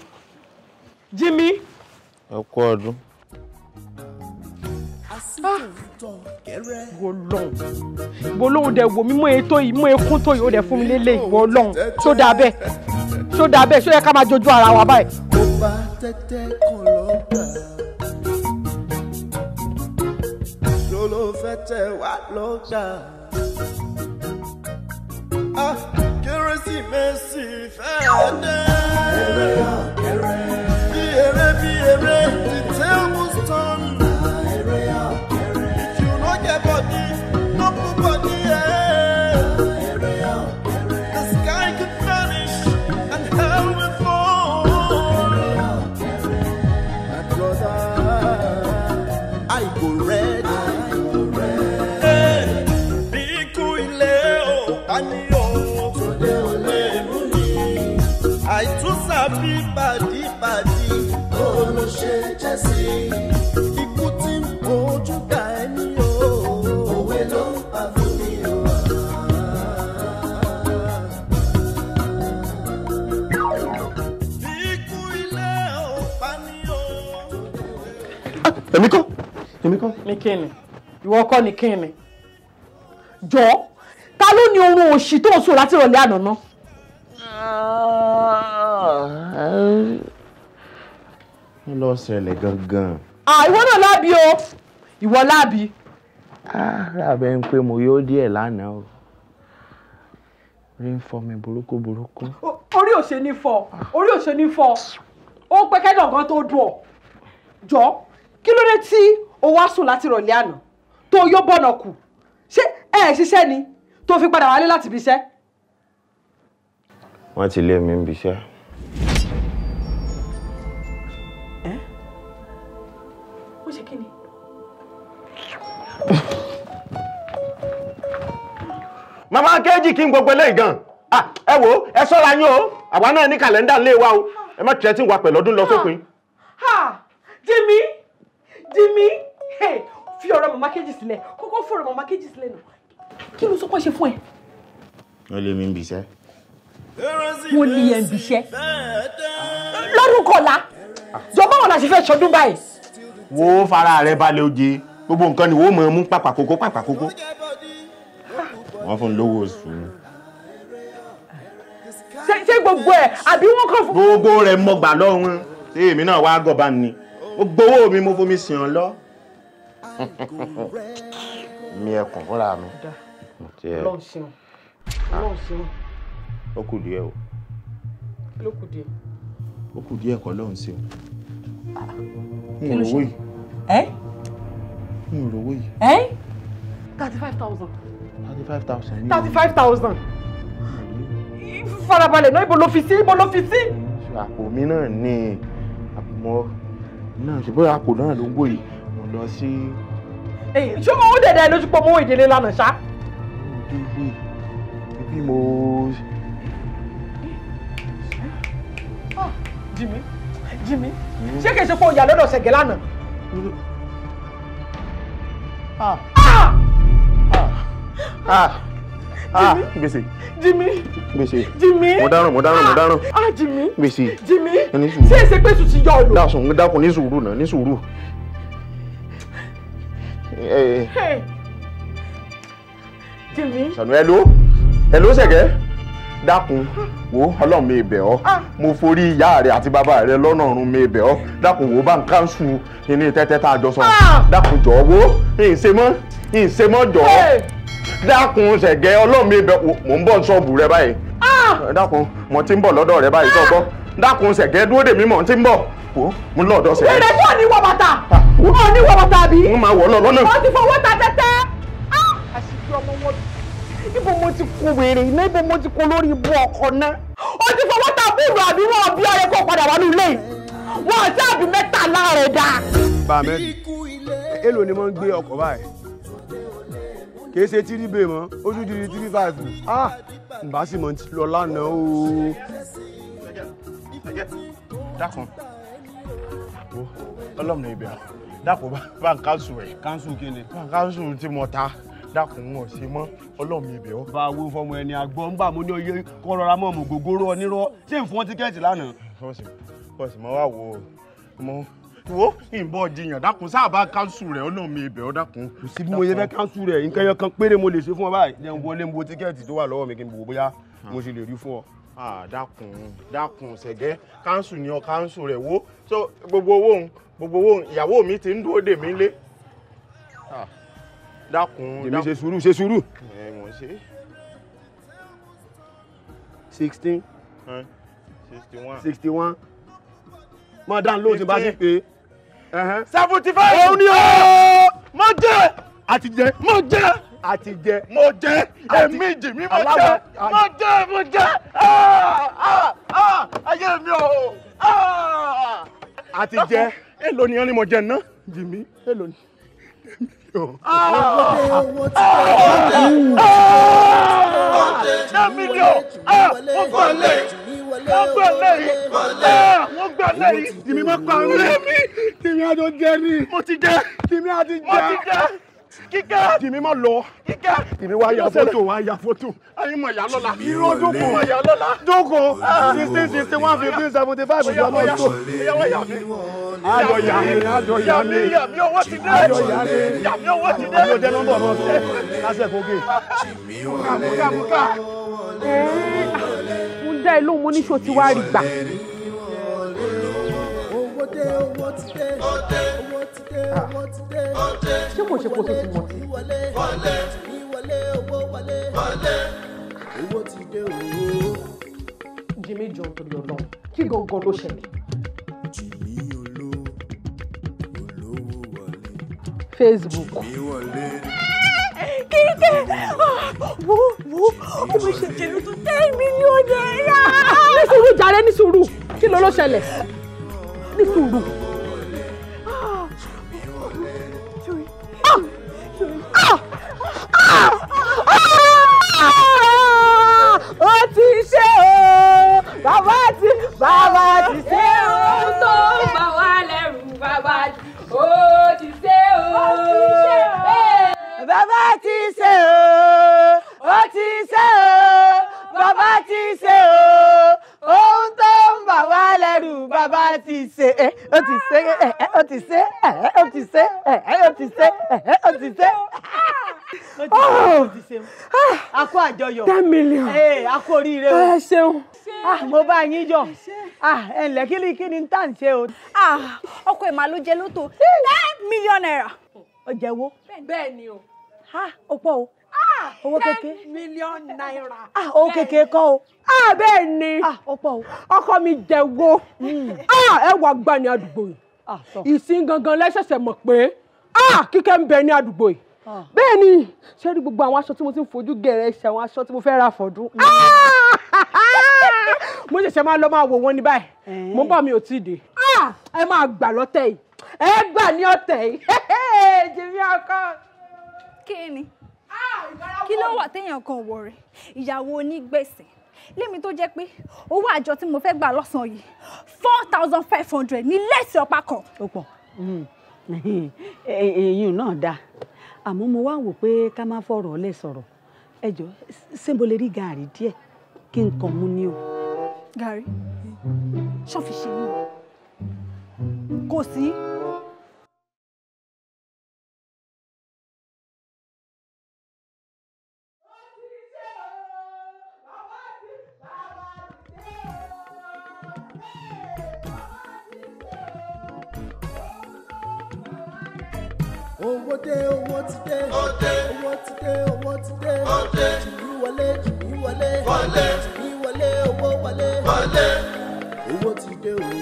Jimmy. ẹ kú ọdún. wo lọ́hùn wo lóhùn dẹ̀ wò mí mọ́ ètò yìí mọ́ ekún tó yìí ó dẹ̀ fún mi lélẹ̀ ìwọ lọ́hùn tó dáa bẹ́ẹ̀ ṣó dáa bẹ́ẹ̀ ṣó yẹ ká máa jojú ara wa báyìí. kò tẹ́tẹ́ kan lọ́gbà ló ló fẹ́ tẹ wá lọ́gbà. Ah, kérésìmesì fẹ́ dé. eré bí eré bí eré the table turn. èmi kọ́ èmi kọ́. ní kíni ìwọ kọ́ ní kíni jọ ta ló ní oorun òṣì tó ń sùn láti ìrọ̀lẹ́ àná ná. ń lọ ṣẹlẹ̀ gangan. ìwọ náà lábí o ìwọ lábí. àbẹ̀ ń pé mo yóò díẹ̀ lánàá o orí ń fọ mi burúkú burúkú. orí ò ṣe ní fọ orí ò ṣe ní fọ ó pẹ́kẹ́ dọ̀gán tó dùn ọ́ jọ́ kí ló dé tí o wá sùn láti rọ̀lẹ́ àná tó yó bọ̀nà kù ṣé ẹ ẹ̀ ṣiṣẹ́ ni tó fi padà wálé láti ibiṣẹ́. wọ́n ti lé mi ń biṣẹ́. ó ṣe kí ni. màmá kejì kí n gbogbo eléyìí gan ah, ẹ wo ẹ ṣọ́ra yín o àwa náà ní kàlẹ́ńdà ńlé wa o ẹ má tiẹ̀ tí ń wà pẹ̀lú ọdún lọ sópin. Jimmy di mí fi ọ̀rọ̀ màmá kejì sílẹ̀ kọ́kọ́ fọ̀rọ̀ màmá kejì sílẹ̀ nù kí ló sọ pé ṣe fún ẹ. wọ́n lé mi ń bìṣẹ́. wọ́n lé yẹn ń bìṣẹ́ lọ́dún jọba wọn la fẹ́ ṣọdún báyìí. wo fara rẹ balẹ̀ oje gbogbo nǹkan ni wo mọ̀ ọ́ mú pàpàkókó pàpàkókó wọ́n fún lówó oṣù mi ṣe gbogbo ẹ àbí wọn kàn fún. gbogbo rẹ mọgbà lọ́wọ́ ṣé èmi náà wá gọba ni ó gbowó mi mo fomi sìn ọ́ lọ. mi ẹkùn fúnra mi. lọ́n ṣeun lọ́n ṣeun. ó kù díẹ̀ o. ló kù díẹ̀. ó kù díẹ̀ kọ́ lọ́n ṣeun. n ò rówó yìí. n ò rówó yìí. thirty five thousand. thirty five thousand. thirty five thousand. farabalẹ̀ náà ibo ló fi sí ibo ló fi sí. àpò mi náà ni àpò mọ́ náà ṣe bóyá àpò náà ló ń wòye mo lọ sí. ṣé mo ń dẹ̀dẹ̀ lójú pọ̀ mọ́ ìdílé lánàá ṣá. bí mo. Ah, Jimmy Jimmy ṣé kìí ṣe pé òyà lọ́dọ̀ ṣẹ̀gẹ̀ lánàá. ah ah ah. ah! ah gbèsè Jimmy, gbèsè Jimmy, mo dáràn mo dáràn mo ah, dáràn ah Jimmy, gbèsè Jimmy, ní sùúrù ṣé èsè pé sùn ti yọ ọ lò. dákun dákun ní sùúrù náà ní sùúrù. jimi. Sanuel hello hello sẹ̀gẹ́ dákun wo ọlọ́run mi bẹ̀ ọ́ ah. mo forí ìyá rẹ àti bàbá rẹ lọ́nà ọ̀run mi bẹ̀ ọ́ dákun wo bá ń kánṣu ìní tẹ́tẹ́ tá a jọ sọ ah. dákun jọ̀ọ́ wo ìṣe mọ́ ìṣe mọ́ jọ̀ọ́ dákun ṣẹ̀gẹ́ ọlọ́run mi bẹ̀ mò ń bọ̀ ṣọ́ọ̀bù rẹ báyìí ah! eh, dákun mo ti ń bọ̀ lọ́dọ̀ rẹ báyìí sọ́gbọ́ dákun ṣẹ̀gẹ́ dúró dèmí mò ń ti ń bọ̀ wò mo ń lọ́ọ̀dọ̀ ṣẹ̀gẹ́. èrè tó ní wọ bàtà ó ah. ní wọ bàtà bí. mo máa wọ ọ lọ́nà. wọ́n ti fọwọ́ ta tẹ́tẹ́. Ah! àṣìṣe ọmọ wọn ibo mo ti kó wèrè iná ibo mo ti kó lórí ibu ọkọ náà. ó ti fọwọ́ ta búùlù àbí wọn bí ọyẹ kó padà wà ní ilé yìí wọn àti àbí mẹ́ta láàrẹ̀ dá. bàmẹ́ èlò ni mo ń gbé ọkọ̀ báyìí kìí ṣe tírí bèè mọ́ ó tún di tírí fáìfù ah nba sì mọ̀ lọ lánàá o. dákun wo ọlọ́mùnà ibẹ̀ dákun bá ń káńsù rẹ̀. káńsù kele. bá ń káńsù tí mo ta dákun wọn ṣe mọ́ ọlọ́mùnà ibẹ̀ o. bá a wo fọmọ ẹni àgbọ̀ ń bà mo ní oyè kọ́ rọra mọ́ ọmọ gògóró onírọ́ ṣé n fún tíkẹ́ẹ̀tì lánàá. bọ́sì bọ́sì mo wá wo mo wo ìbọn jiyàn dákun sáàbà káńsù rẹ ọ̀nà mi ibẹ̀ ọ́ dákun. kò sí bí mo yẹ fẹ́ káńsù rẹ nǹkan yẹn kan péré mo lè ṣe fún ọ báyìí jẹun wọlé mo tíkẹ́ẹ̀tì tó wà lọ́wọ́ mi kí n bò bóyá mo ṣe lè rí fún ọ. dákun dákun ṣẹ̀gẹ́ káńsù ni ọ káńsù rẹ̀ wo so gbogbo owó òun gbogbo owó òun ìyàwó mi ti ń dúró dè mí lé. dákun dákun. èmi ṣe sùúrù ṣe sùúrù. ẹ mọ̀ ṣe. sixteen. sixty one. sixty one. mọ̀ dáhùn lóòótọ́ bá ti pè é seventy five. òun ni ó mo jẹ. a ti jẹ. mo jẹ. a ti jẹ. mo jẹ. èmi jì mí mo jẹ. mo jẹ mo jẹ. ayé mi o. a ti jẹ. èló ni wọn ni mo jẹ ná. jì mí èló ni mílíọ̀n. mílíọ̀n. ó kọ́ lé wọ́n gbọ́ lẹ́yìn wọ́n gbọ́ lẹ́yìn. tìmí má pa àwọn ẹ̀mí tìmí àjọ jẹ ni. mo ti jẹ tìmí àti jẹ. mo ti jẹ kíkẹ́. tìmí má lọ. kíkẹ́. tìmí wá ya fọ́tò wá ya fọ́tò. ayé mọ̀ ya lọ́la. irọ́ jókòó. mọ̀ ya lọ́la. jókòó sixteen sixty one fifteen seventy five ìjọba ọmọ tó. ìyàwó yà mí. ayọ̀ yà mí ayọ̀ yà mí. yàmí owó ti dé. ayọ̀ yà mí. yàmí owó ti dé. ayọ̀ dẹnu bọ̀ bọ̀ tó. lásìkò gé. kàmúkàmúkà dá ẹ lóhùn mo ní ṣó ti wá rí gbà. owó dé owó ti dé owó ti dé owó ti dé ṣé kò ṣe kó tó ti mọ sí. owó ti dé owó. jimmy john torí Ọlọ́run kí gangan ló ṣẹlẹ̀. Facebook. Kite! Wo wo o mo ṣe jẹ̀rù tó ten million naira. Ní sùúrù jàre ní sùúrù kí ló ló ṣẹlẹ̀ ní sùúrù. Ó ti ṣe o, bàbá ti bàbá ti ṣe o tó bá wà lẹ́rù bàbá ó ti ṣe o. Ó ti ṣe o bàbá ti ṣe o ó ti ṣe o bàbá ti ṣe o ohun tó ń bà wá lẹ́rù bàbá ti ṣe ẹ eh, ó ti ṣe ẹ eh, eh, ó ti ṣe ẹ ti ṣe ẹ ti ṣe ẹ ti ṣe. Ah, a kó àjọyọ̀ ten million a kó oríire o ẹ ah, ṣeun ah, mo bá yín jọ ẹ ǹlẹ́ kí ni tá ń ṣe o. ọkọ̀ ìmàlójẹ ló tó ten million naira. ó jẹ́ wo. bẹ́ẹ̀ o. Ah, ó pọ̀ o ah, owó kékeré ten million naira. Ah, owó kékeré kọ́ o bẹ́ẹ̀ ni ọkọ mi jẹ̀wọ́ hmm. ẹ wà gbà ní àdúgbò yìí ìsìn gangan lẹ́sẹ̀sẹ̀ mọ̀ pé kíkẹ́ ń bẹ ní àdúgbò yìí bẹ́ẹ̀ ni ṣé rí gbogbo àwọn aṣọ tí mo ti ń fojú gẹ̀rẹ́ ṣe àwọn aṣọ tí mo fẹ́ ra fọ̀dún hmm. mo ṣẹ̀ṣẹ̀ máa lọ máa wò wọ́n ní báyìí eh. mo bá mi ò tí ì dé ẹ máa gbà lọ́tẹ̀ yìí ẹ gbà ní ọ̀tẹ̀ yìí jìbí ọkọ okay ah, ni kí ló wà téèyàn kan wọ̀ rẹ̀ ìyàwó onígbèsè lémi tó jẹ́ pé owó àjọ tí mo fẹ́ gbà lọ́sàn-án yìí four thousand five hundred ní lẹ́sìn ọ̀pá kan. ó pọ̀ èyí hmm. náà dáa àmọ́ mo wá wò pé ká má fọ̀rọ̀ ọ̀lẹ́ sọ̀rọ̀ ẹ jọ ṣébo lè rí gàárì díẹ̀ kí n kàn mú ni o. gàárì ṣọ́ọ̀fì ṣe yìí kò sí. owó dé owó ti dé owó ti dé owó ti dé jìbí wọlé jìbí wọlé jìbí wọlé owó wọlé owó ti dé owó.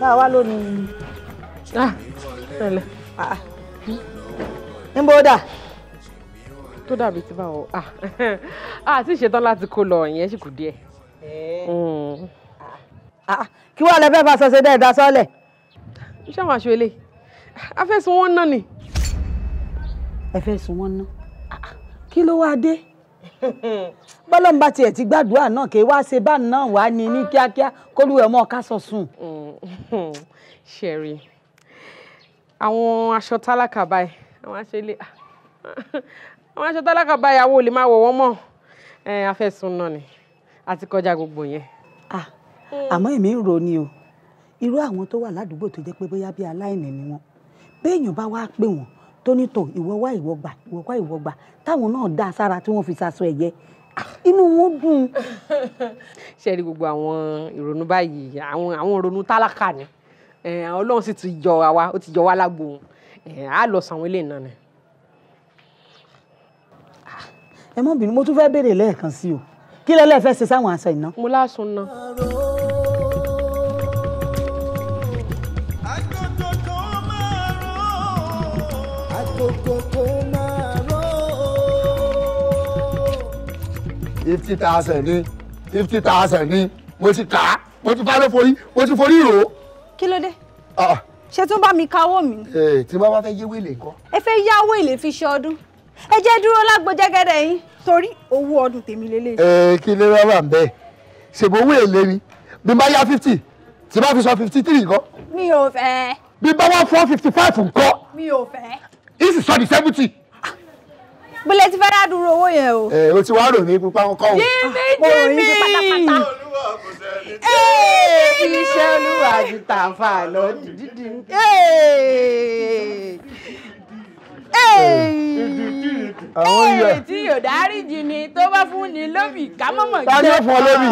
tá a wá lónìí. ah pẹ̀lẹ́ ah ń bó dà tó dàbí tí báwo ah. a ti ṣetán láti kó lọ ìyẹn sì kù díẹ̀. Eh. Hmm. Ah, kí wàá lẹ fẹ́ fa sọ́sẹ́ dẹ́ ẹ̀dá sọ́ọ̀lẹ̀. iṣẹ́ àwọn aṣọ ilé a fẹ́ ná ni. ẹ fẹ́ sun wọ́n ná ah, kí ló wáá dé bọ́lọ́mùbá tiẹ̀ ti gbàdúrà náà kì í wá ṣe bá náà wá ní ní kíákíá kólúwẹ̀ ọmọ ká sọ sùn. Hmm. ṣẹ̀rí àwọn aṣọ tálákà báyìí àwọn aṣẹlẹ àwọn aṣọ tálákà bá ìyàwó lè máa wọ̀ wọ́n mọ́ afẹ́sùn náà ni àti kọjá gbogbo yẹn. àmọ́ èmi ń ro ni o irú àwọn tó wà ládùúgbò tó jẹ́ pé bóyá bí aláìní ni wọ́n béèyàn bá wá pè wọ́n tónítọ̀ ìwọ wá ìwọ gbà ìwọ wá ìwọ gbà táwọn náà dá sára tí wọ́n fi ṣaṣọ ẹ̀yẹ inú wọn dùn. ṣe rí gbogbo àwọn ìrònú báyìí àwọn àwọn ìrònú tálákà ni ọlọ́run sì ti jọ wa ó ti jọ wa lágbo á lọ sàwọn ilé ìnáà ni. ẹ mọ bínú mo tún fẹ́ béèrè lẹ́ẹ̀kan sí o kí lẹ́lẹ́ fẹ́ ṣe sáwọn aṣọ ìná. mo lásun ná. fifty thousand ni fifty thousand ni mo ti ta mo ti bá ló forí mo ti forí rò ó. kí ló dé. Ah, ṣe tún bá mi káwó mi. ẹ eh, tí wọn bá fẹ́ yé wèlé nǹkan. ẹ fẹ́ yá wèlé fi ṣe ọdún ẹ jẹ́ dúró lágbo jẹ́gẹ́dẹ́ yín torí owó ọdún tèmi lélẹ̀. Eh, kí lè rà wà bẹ́ẹ̀ ṣèbò owó èlé ni bí n bá yá fifty tí n bá fi sọ fifty three nǹkan. mi ò fẹ́. bí n bá wá four fifty five nǹkan. mi ò fẹ́. ìsì sọ di seventy pínlẹ̀ ti fẹ́ rà dúró owó yẹn o. ẹ eh, o ti wá rò mí pupa kọ́ o. yéèmí ah, eh, jẹ́mi iṣẹ́ olúwa ju tàǹfà lọ dídí. Eh. tí yóò dáríjì ni tó bá fún ni lóbì ká mọ̀mọ́ jẹ́. táyọ̀ fún ọ lóbì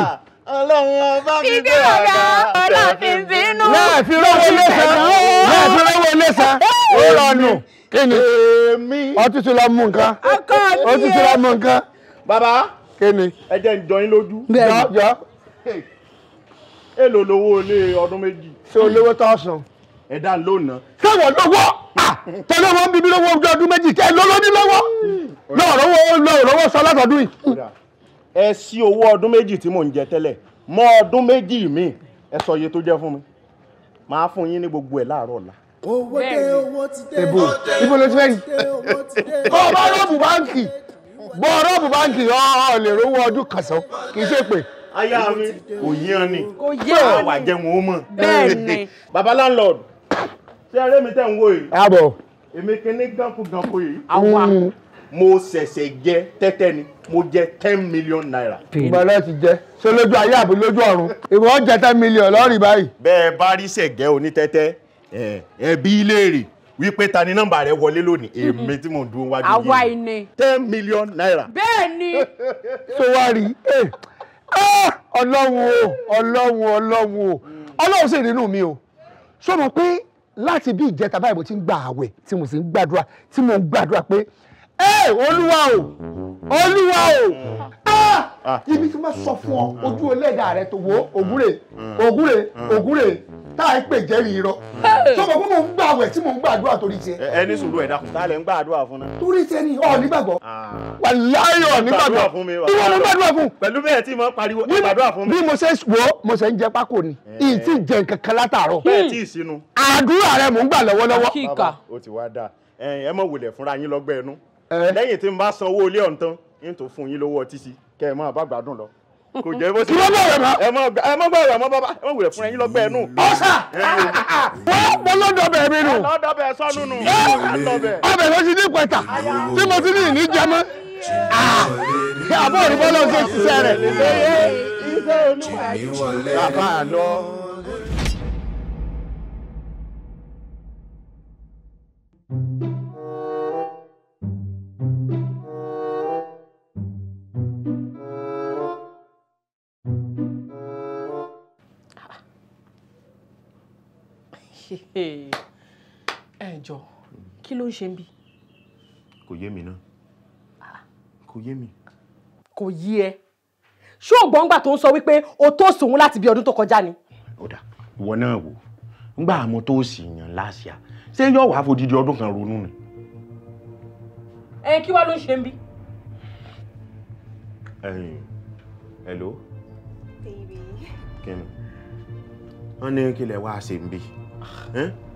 ọlọ́run ọba mi bẹ́ẹ̀ ọ̀gá ọlọ́fin bínú. láàfin rówó lẹ́sàn-án láàfin rówó lẹ́sàn-án ó rọrùn kí ni ọtí ti lọ mú nǹkan ọtí ti lọ mú nǹkan. bàbá kí ni ẹ jẹ́ ń jọ yín lójú. jọ jọ. èlò lówó ilé ọdún méjì. ṣé olówó tó sàn. ẹ dá lónà. ṣé wọ́n lówó tọ́lá wọn bíbí lówó ọdún méjì kẹ́ ẹ lọ́wọ́ ní lọ́wọ́ lọ́wọ́ lọ́wọ́ sọ látọ̀dún yìí. ẹ sí owó ọdún méjì tí mò ń jẹ tẹ́lẹ̀ mọ́ ọdún méjì mi ẹ sọ iye tó jẹ́ fún mi màá fún yín ní gbogbo ẹ̀ láàárọ̀ ọ̀la owó dé owó ti dé owó ti dé owó ti dé owó ti dé. bọ́ báńkì bọ́ ọ báńkì ọ lè rówó ọdún kan sọ kì í ṣe pé. aya mi kò yí ọ ni kò yí ọ wà jẹun ó mọ. bẹ́ẹ̀ni. baba landlord ṣé ẹrẹ́ mi tẹ̀ ń wò yìí. àbọ̀. èmi kìíní gànkú gànkú yìí. àwa mm. mo ṣẹ̀ṣẹ̀ jẹ tẹ́tẹ́ ni mo jẹ ten million naira. ìbọ̀lẹ́ ti jẹ ṣé lójú ayé àbí lójú ọ̀run ìwọ jẹ ten million lọ́ọ̀rì báyìí. bẹ́ẹ̀ bá rí ṣẹ̀gẹ́ onítẹ́tẹ́ ẹbí iléèrè wípé ta ni nọ́mbà rẹ wọlé lónìí èmi tí mò ń dúró wájú yìí àwa ìní ten million naira. bẹ́ẹ̀ ni. tó wá rí ọlọ́run o ọlọ́run ọlọ́run o ọlọ́run sì nínú mi o sọ ma pé láti bí ìjẹta báyìí mo ti ń gba àwẹ̀ tí mo sì ń gbàdúrà tí mo ń gbàdúrà pé ẹ olúwa o olúwa o ibi tí wọ́n sọ fún ọ mm. ojú ẹlẹ́dàá rẹ tó wo mm. ògúnrè mm. ògúnrè ògúnrè tá a pè jẹ́rìí irọ́ sọ ma pé mò ń gbàwẹ̀ tí mò ń gbàdúrà torí tiẹ̀. ẹ ní sùúrù ẹ dákun tá a lè ń gbàdúrà fún náà. torí tiẹ̀ ni ọ nígbàgbọ́ ah. wà láyọ̀ nígbàgbọ́ ìwọ ló gbàdúrà fún. pẹ̀lú bẹ́ẹ̀ tí mo pariwo ẹ gbàdúrà fún mi. bí mo ṣe wo mo ṣe ń jẹ pákó ni eh. ìyí tí ì jẹ nǹkan kan látàárọ̀. bẹ́ẹ̀ tí ì sínú. àdúrà rẹ mò ń gbà lọ́wọ́lọ́wọ́ lẹ́yìn tí n bá sanwó ilé ọ̀ǹtán n tó fún yín lówó ọtí sí kẹ́ ẹ máa bá gbádùn lọ kò jẹ́ bó ṣe ẹ mọ gbà ẹ mọ gbà ẹ mọ bàbá fún ẹyin lọ́gbẹ́ ẹnu. ọ̀sà wọ́n mo ló dọ̀bẹ̀ mi nù. ọbẹ̀ ló ti ní pẹ̀tà tí mo ti ní ìní jẹmọ́. àbọ̀ òrùbọ́ ṣiṣẹ́ rẹ̀. ẹ jọ kí ló ń ṣe ń bí. kò yé mi náà kò yé mi. kò yí ẹ ṣóògbọ́n ńgbà tó ń sọ wípé o tó sòun láti bí ọdún tó kọjá ni. ó dà ìwọ náà wò ńgbà àmọ́ tó sì yàn láṣìá ṣé yóò wá fòdìdí ọdún kan ronú ni. ẹ kí wàá ló ń ṣe bí. ẹyin hello. baby. kí ni wọ́n ní kí lè wá ṣe bí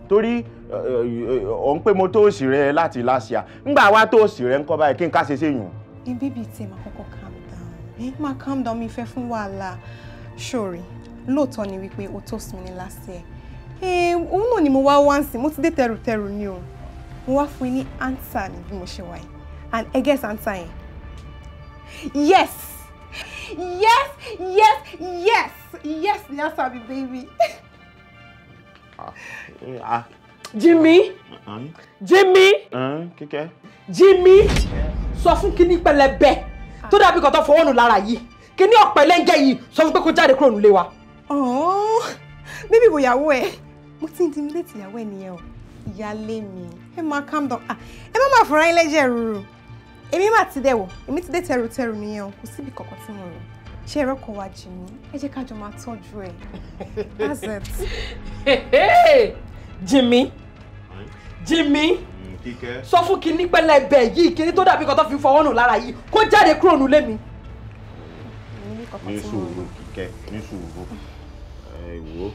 torí ọ̀ ń pé mo tó òsì rẹ láti láṣìá ńgbà wá tó òsì rẹ ń báyìí kí n ká ṣe séyùn. ibi bíi tí màá kọ́kọ́ calm down ẹ máa calm down mi fẹ́ fún wàhálà ṣòrí lóòótọ́ ni wípé o tó sùn ní lásìá ẹ òun náà ni mo wá wá mo ti dé tẹrùtẹrù ni o mo wá fún yín ní answer ni bí mo ṣe wáyé and ẹ guess answer yẹn yes yes yes yes yes ni answer mi baby. Jimmy Jimmy Jimmy sọ fún kíní pẹlẹbẹ tó dàbí kọtọ fọwọ́ nù lára yìí kíní ọ̀pẹ lẹ́ńgẹ̀ yìí sọ fún pé kó jáde kúrò nílé wa. Oh, bébí ìwòyàwó ẹ mo ti ń dimilẹ́tì ìyàwó ẹ ìyáálé mi ẹ máa calm down ah, ẹ má máa fọra ẹ lẹ́jẹ̀ rúru èmi má ti dẹ̀ wò èmi ti dé tẹrù tẹrù nìyẹn kò síbi kọ̀ọ̀kan tí mo rò ṣé ẹ̀rọ kan wá jì mí ẹ jẹ́ ká jọ máa tọ́jú ẹ̀ that's it. Jimmy Jimmy mm, sọ fún kinní pẹlẹbẹ yìí kinní tó dàbí kan tó fi fọwọ́ nù lára yìí kó jáde kúrò nílé mi. ní sùúrù kíkẹ́ ní sùúrù ìwò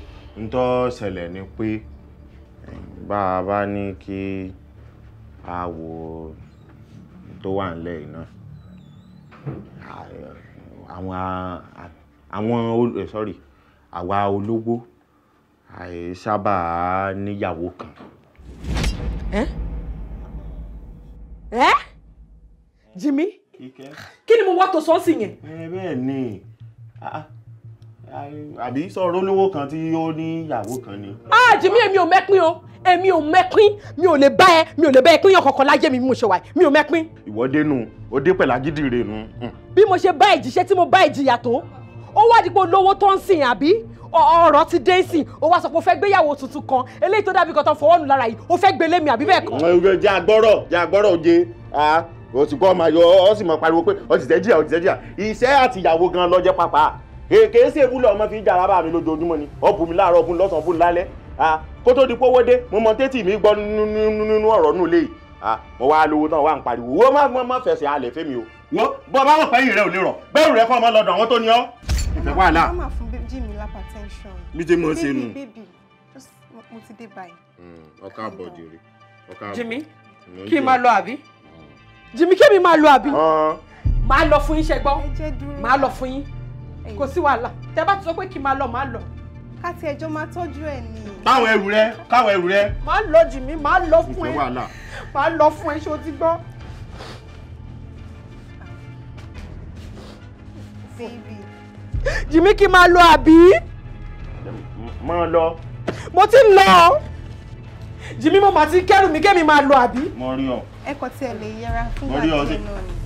ń tọ́ ṣẹlẹ̀ ni pé bá a bá ní kí a wò tó wà nílẹ̀ yìí náà àwọn àwọn eh, sorry àwa olówó àì e, sábà níyàwó kan. ẹ ẹ Jimmy kí ni mo wá tó sọ́ọ̀sì yẹn. ẹ bẹ́ẹ̀ ni àbí sọ̀rọ̀ olówó kan tí ó níyàwó kan ni. ah Jimmy èmi ò mẹ́pin o èmi ò mẹ́pín mi ò lè bá ẹ mi ò lè bá ẹ pínyàn kankan láyé mi bí mo ṣe wà mi ò mẹ́pín. ìwọ dénú o dé pẹ̀lú agídìrè nu. Hmm. bí mo ṣe bá ìjìṣẹ́ tí mo bá ìjìyà tó ó wá dípò lówó tó ń sìn àbí ọ̀rọ̀ ti dé sìn ó wá sọ pé ó fẹ́ gbéyàwó tuntun kan eléyìí tó dàbí kan tó fọwọ́ nù lára yìí ó fẹ́ gbélé mi àbí bẹ́ẹ̀ kan. jẹ́ àgbọ́rọ̀ jẹ́ àgbọ́rọ̀ oje o sì kọ́ ọmọ ayọ̀ ọ sì mọ̀ pariwo pé ọ ti tẹ́jìyà ọ ti tẹ́jìyà iṣẹ́ àtìyàwó gan ló jẹ́ pàpà èké sí èbúlọ̀ ọmọ fi ń jà lábàá mi ni ọ̀bùnmi láàárọ̀ ọ̀bùnmi lọ́sàn-án ọ̀bùnmi lálẹ́ Ah, kó tó di pówó dé mo mọ tẹ́tì mi gbọ́ nínú ọ̀rọ̀ nù lé yìí ah, mo wá lówó náà wá ń pariwo wo má má fẹsẹ̀ alẹ̀ fẹ́mi o. wo bọ́ bá wọ̀ pẹ́yìn rẹ ò ní rọ̀ bẹ́ẹ̀rù rẹ fọ́ ọmọ lọ́dọ̀ àwọn tó ní ọ́. ìfẹ́ wàhálà. wọ́n máa fún bébí mi lápá tẹ́ńsán. bí mo ṣe nù. mo ti dé báyìí. Hmm, ọkọ àbọ̀dì rè jimmy kí n máa lọ àbí hmm. jimmy kí mi máa lọ àbí máa lọ fún yín ṣẹgbọ́n máa lọ fún yín kò sí wàhálà tẹ bá ti sọ pé kí n máa lọ máa lọ ká ti ẹjọ́ máa tọ́jú ẹ̀ ni. káwọn ẹrù rẹ káwọn ẹrù rẹ. máa lọ jì mí máa lọ fún ẹ máa lọ fún ẹ ṣé o ti gbọ́. jìmí kí n máa lọ àbí. máa lọ. mo ti ń lọ jìmí mo máa ti kẹ́rù mi kémi máa lọ àbí. mo rí ọ. ẹ kò tiẹ̀ lè yẹra fún bàbá náà ni.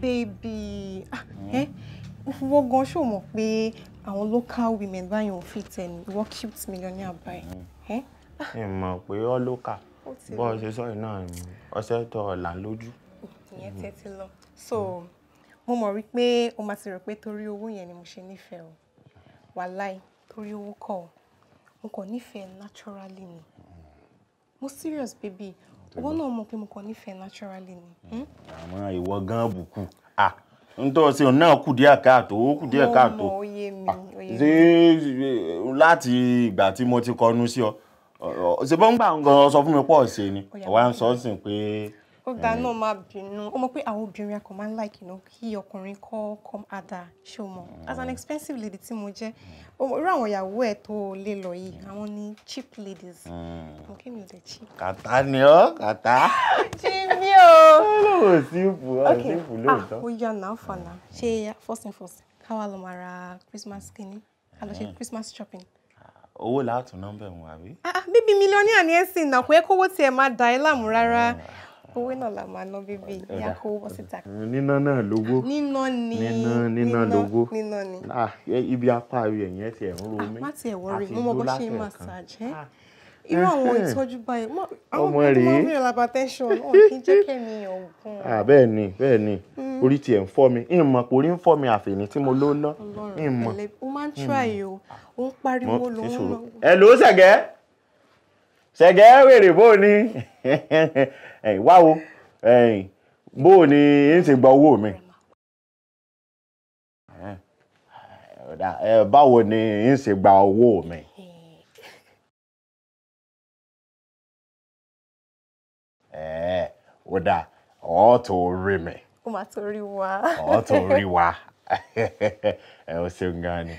baby ah, ẹ eh? wọ́n gan ṣó mọ̀ pé àwọn local women báyìí ò fi tẹ̀lé wọ́n cute millionaire báyìí. Mm-hmm. Eh? Ah. ẹ mọ̀ pé ọ́ local bọ́ ọ ṣe sọ́yìn náà ọṣẹ́ tọ ọ̀là lójú. ìyẹn tẹ́tí lọ so mm-hmm. mo mọ̀ rí pé o máa ti rò pé torí owó yẹn ni mo ṣe nífẹ̀ẹ́ o wàláì torí owó kọ́ o mo nífẹ̀ẹ́ naturally ni mo serious baby ìwọ náà mọ̀ pé mo kàn nífẹ̀ẹ́ naturally ni. Hmm? Hmm? àmọ́ ìwọ gan bùkù ntọ́sí òun náà kù díẹ̀ káàtó ó kù díẹ̀ káàtó ṣé láti ìgbà tí mo ti kọnu sí ọ ṣe bọ́n gbà ń gan sọ fún mi pọ̀ ṣe ni ọ̀wá ń sọ ọ́ pé ọgbà náà má bínú ó mọ̀ pé àwọn obìnrin akọ̀ máa ń like you know kí ọkùnrin kọ́ come ada ṣé o mọ̀ as an mm. expensive lady tí mo jẹ́ mm. irú àwọn ìyàwó ẹ̀ tó lè lọ yìí mm. àwọn ni cheap ladies mo kí mi ò cheap. kàtá ni ọ kàtá. jimmy o. olówó síìpù àìsíìpù ah, lóòótọ́. ó yà na fànà ṣe first and first káwa lọ máa christmas kini. ká lọ ṣe christmas shopping ah, owó látún nọ́mbẹ̀ wọn àbí. Ah, bíbí mílíọ̀nì àníyàn sì nà pé kówó tiẹ̀ máa da ẹ́ láàmú rárá owó náà la máa ná bíbí ìyá kó wọ́ síta. níná náà lówó níná ni níná níná níná ni. Ah, ibi apá rẹ̀ yẹn ti ẹ̀ ro ah, mí. má ti ẹ̀ mo mọ bó ṣe massage ẹ́ ah, irú àwọn ìtọ́jú báyìí ọmọ rèé ọmọ rèé laba tẹ́sán náà kì í jẹ́ kẹ́mi ọ̀gbun. bẹ́ẹ̀ ni bẹ́ẹ̀ ni hmm. orí tiẹ̀ ń fọ́ mi ìmọ̀ kò rí ń fọ́ mi àfẹ̀yìn tí mo ló ná ìmọ̀. o máa ń tíra o ò ń pariwo lòun náà. ẹ lò ó sẹ̀gẹ́ ṣẹ̀gẹ́ wèrè bó ni wá o bó ni ń ṣe gba owó mi báwo ni ń ṣe gba owó mi. ó dà ọ́ tó rí mi. ó máa tó rí wa. ọ́ tó rí wa ẹ ó ṣeun gan ni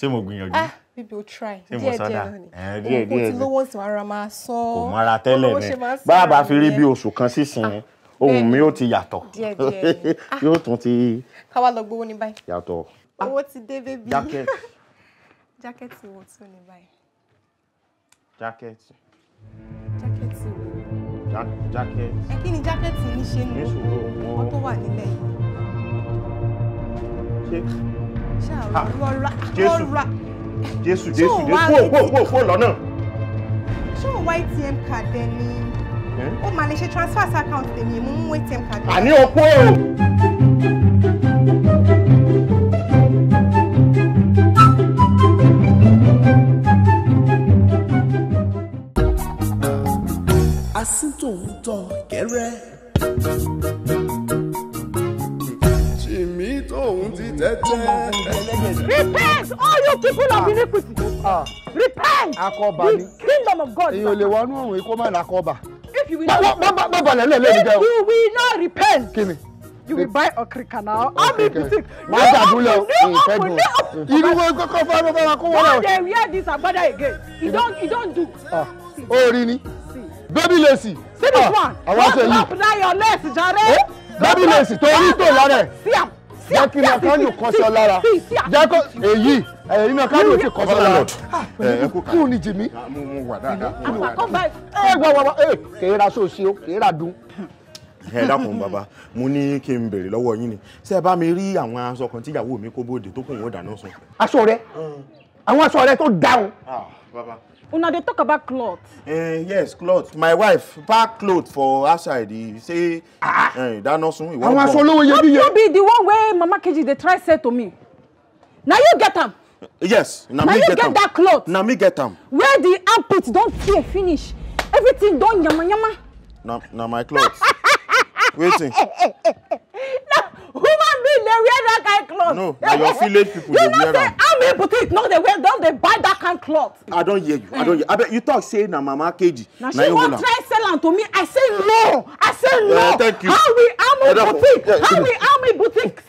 ṣé mo gbìyànjú. ah bíbí o try díẹ̀ díẹ̀ náà ni eh, díẹ̀ díẹ̀ o ti lówó sí ara máa sọ ọ kò mọra tẹ́lẹ̀ ni bàbá fi rí bí oṣù kan sísìn ah, ohun mi ó ti yàtọ̀ yóò tún ti. Ah, káwa lọ gbowó ní báyìí. yàtọ̀. Ah. owó ti dé bébí. jákẹ́ẹ̀tì. wo tún ní báyìí. jákẹ́ẹ̀tì. jákẹ́ẹ̀tì wo. jákẹ́ẹ̀tì. ẹ kí ni jákẹ́ẹ̀tì ní ṣe ní ọkọ̀ tó wà nílẹ̀ yìí jésù jésù jésù jésù wò wò wò wò lọ́nà. ṣé o wá atm card ẹ ni ó máa lè ṣe transfer sí account tèmi mo mú atm card. àní opó o. asíntòótọ́ kẹrẹ. Repent, all you people of ah. iniquity. Ah. Repent. Akọba The kingdom of God. Èyí lè wọnú òrùn ikú máa là kọba. If you will not repent. Má balẹ̀ lẹ́lẹ́ mi jẹ́ o. If you will not repent. Kí ni? You will buy okirika now. How many people? Má dàdúlẹ̀ o, ìfẹ́dùn o. Irú wo kọ́kọ́ fún ọmọ bàbá kó wọ́n lọ. Wọ́n dey wear this agbada again. You don you don do. Orí ah. ni. Baby lacy. See this one. Àwọn aṣọ yìí. Don't clap now your legs jare. Baby lacy torí tò lára ẹ̀. See am jẹ́ kí iná kánò lára jẹ́ èyí èyí náà kánò ti kọ́ lára kúrò ní jìmí. kèé ra sóòsì o kèé ra dùn ẹ dákun bàbá mo ní kí n béèrè lọ́wọ́ yín ni ṣé ẹ bá mi rí àwọn aṣọ kan tíyàwó mi kó bóde tó kùn ó dáná sun. aṣọ rẹ mm. àwọn aṣọ rẹ tó dáhùn. Ah, bàbá una dey talk about cloth. Uh, yes cloth my wife pack cloth for outside e say that no dana sun iwọ come. àwọn aṣọ olówó iyebíye. no be the one wey mama keji dey try sell to me na you get am. yes na me get am na you get that cloth. na me get am. where the armpit don tear finish everything don yamayama. na na my cloth wetin. Eh, eh, na woman being dey wear that kind cloth. no na your village people dey wear am. you know say women boutique no they wear don dey buy that kind of cloth. i don't hear you i don't hear you abeg you talk say na mama keji na she wan try sell am to me i say no i say no uh, thank you. how we army boutique how we army boutique.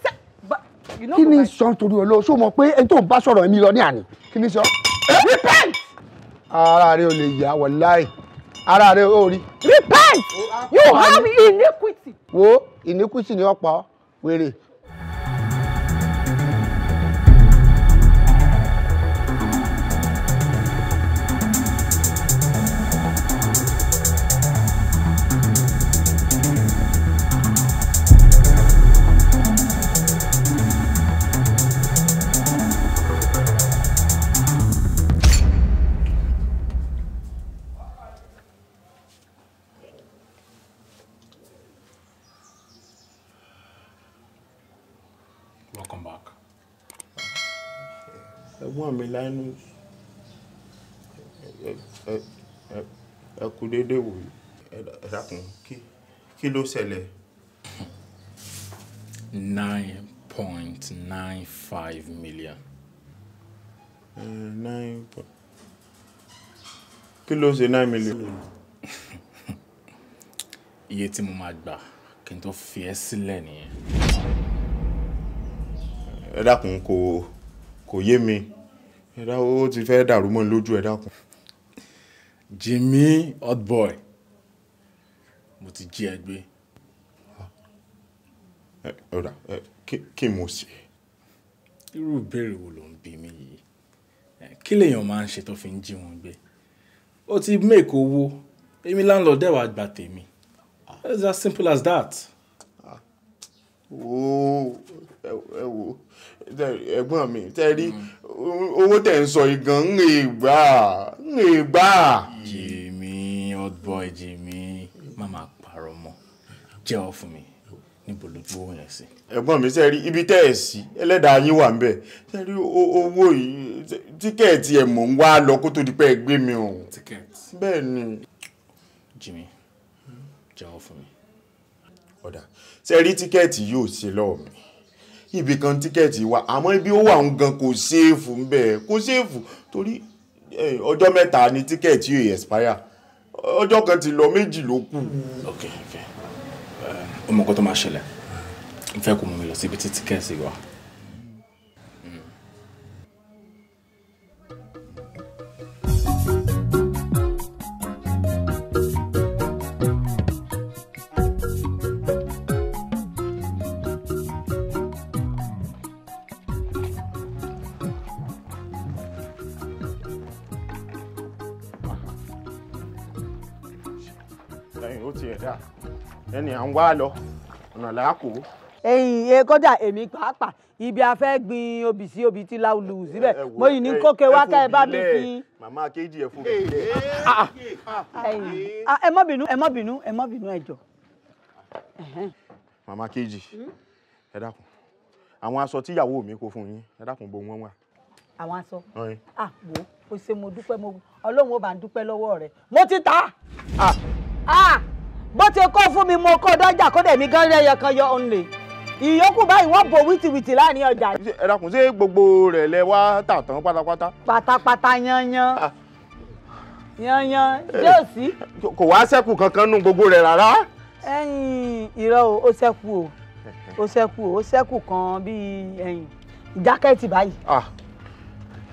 kí ni sọ torí ọlọ́wọ́ ṣó mọ̀ pé ẹni tó ń bá sọ̀rọ̀ mi lọ ní àná kí ni sọ. Eh, repent. ara rẹ ò lè yá wàláì ara rẹ ò rí. repent you have iniquity. wo iniquity ni ọ̀pọ̀ wèrè mi Linus. Ẹ kú dédé wò yìí. Ẹ dákun kí ló ṣẹlẹ̀? nine point nine five million. nine point kí ló ṣe nine million. iye tí mo máa gbà kí n tó fi ẹ́ sílẹ̀ nìyẹn. ẹ kò kò yé mi ẹ̀dá owó ti fẹ́ dàrú mọ́ lójú ẹ̀dá kan. Jimmy hot boy mo ti jí ẹ gbé. ọ̀rà kí mo ṣe. irú ìbéèrè wo ló ń bí mi yìí kí lèèyàn máa ń ṣe tó fi ń jí wọn gbé ó ti make owó èmi láńlọ́ọ̀dù ẹ̀wà gba tèmi it's as simple as that. Ah, ẹ wo ẹ ẹ̀gbọ́n mi tẹ́ rí owó tẹ̀ ń sọ igan ń lè gbà ń lè gbà. jimmy old boy jimmy má máa parọ́ mọ́ jẹ́ ọ fún mi níbo ló gbówó yẹn sí. ẹ̀gbọ́n mi ṣe rí ibi tẹ́ ẹ̀ sí ẹlẹ́dàá yín wà ńbẹ̀ ṣe rí owó yìí tíkẹ́ẹ̀tì ẹ̀ mò ń wá lọ kó tó di pé ẹ gbé mi o. tíkẹ́ẹ̀tì. bẹ́ẹ̀ ni. Jimmy jẹ́wọ́ fún mi. ọ̀dà ṣe rí tíkẹ́ẹ̀tì yóò ṣe lọ́ọ̀ mi ibì kan tíkẹ́ẹ̀tì wà àmọ́ ibi ó wà ń gan kò séèfù ń bẹ̀ kò séèfù torí ọjọ́ mẹ́ta ni tíkẹ́ẹ̀tì yóò expire ọjọ́ kan ti lọ méjì ló kù. ok ok ọmọ nǹkan tó máa ṣẹlẹ̀ n fẹ́ kó mú mi lọ síbi tí tíkẹ́ẹ̀tì wà. à ń wá lọ ọ̀nà là á kó. ẹyin kódà èmi pàápàá ibi a fẹ́ gbin obì sí obì tí láwùlù síbẹ̀ mo yìí ní kókè wá ká ẹ bá mi fi. màmá kejì ẹ fún mi. ẹyin ah, ah. ah, ẹ má bínú ẹ má bínú ẹ má bínú ẹ jọ. màmá kejì hmm? ẹ dákun àwọn aṣọ tíyàwó mi kó fún yín ẹ dákun bò wọ́n wà. àwọn aṣọ àpò ó ṣe mo dúpẹ́ mo ọlọ́run ó bá ń dúpẹ́ lọ́wọ́ rẹ̀ mo ti tà Ah, bó ti kọ́ fún mi mo kọ́ dọ́jà kó dẹ̀ mi gan lẹ́yọ kan yọ òun lè ìyókù báyìí wọ́n bo wìtìwìtì láàrin ọjà. ẹ dákun ṣé gbogbo rẹ̀ lẹ wá tà tán pátápátá. pátápátá yanyan ah. yanyan yóò eh. sí. kò wá sẹ́kù kankan nù gbogbo rẹ̀ rárá. ẹyin irọ́ o ó sẹ́kù o ó sẹ́kù o ó sẹ́kù kan bíi ẹyin jákẹ́ẹ̀tì báyìí. Ah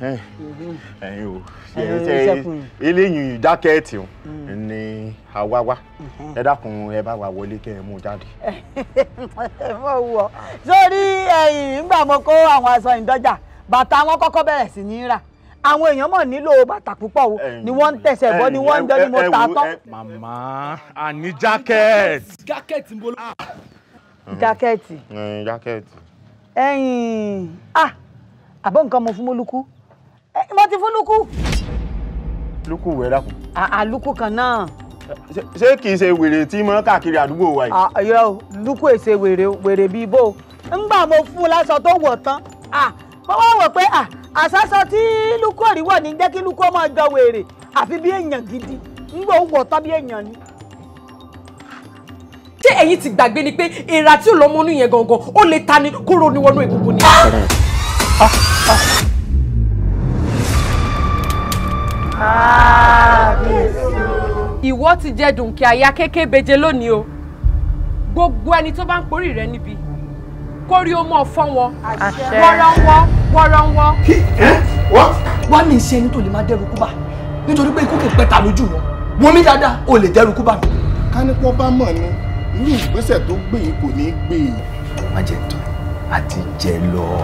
ẹyin o ṣe eléyìí jákẹ́ẹ̀tì ni àwa wá mm-hmm. ẹ dákun ẹ bá wa wọlé kẹ́ ẹ mú jáde. ẹ mọ̀ wọ̀ sórí ẹ̀yìn nígbà mo kó àwọn aṣọ ìdọ́jà bàtà wọn kọ́kọ́ bẹ̀rẹ̀ sí ní rà àwọn èèyàn mọ̀ nílò bàtà púpọ̀ o ni wọ́n ń tẹ̀sẹ̀ bọ́ ni wọ́n ń jọ ni mo ta tán. màmá àní jákẹ́ẹ̀tì. jákẹ́ẹ̀tì ń bolo. Mm. jákẹ́ẹ̀tì. jákẹ́ẹ̀tì. ah àbọ̀ nǹkan mo fún Mọ́lúkú ti fún lukú. lukú wẹ̀ dàkún. àà lukú kan náà. ṣé kì í ṣe wèrè tí mo ń káàkiri àdúgbò wa yìí. àyọ lukú è ṣe wèrè wèrè bíi bó ńgbà mo fún un láṣọ tó wọ̀ tán mo wá wọ̀ pé àṣàṣọ tí lukú òrí wọ̀ ní jẹ́ kí lukú ọmọ jọ wèrè àfi bí èèyàn gidi ńgbà ó wọ̀ tán bí èèyàn ni ṣé ẹ̀yin ti gbàgbé ni pé èèrà tí ò lọ́mọ́nú yẹn gangan ó lè ta ni kó ronú wọnú ìkùnkùn ni. Ah, ah, ah. ìwọ ti jẹ dùnkẹ́ àyà kéké beje lónìí o gbogbo ẹni tó bá ń porí rẹ níbi kórí ó mọ̀ fọ́n wọn wọ́rọ́ wọ́ wọ́rọ́ wọ́. wá mi ṣe ẹni tó lè máa dẹ́rù kúbà nítorí pé ikú kì í pẹ́ ta lójú wọn wọ́n mi dáadáa o lè dẹ́rù kúbà mi. kánípọ̀ bá mọ̀ ni irú ìgbésẹ̀ tó gbé yìí kò ní í gbé e. má jẹ tán àti jẹ lọ.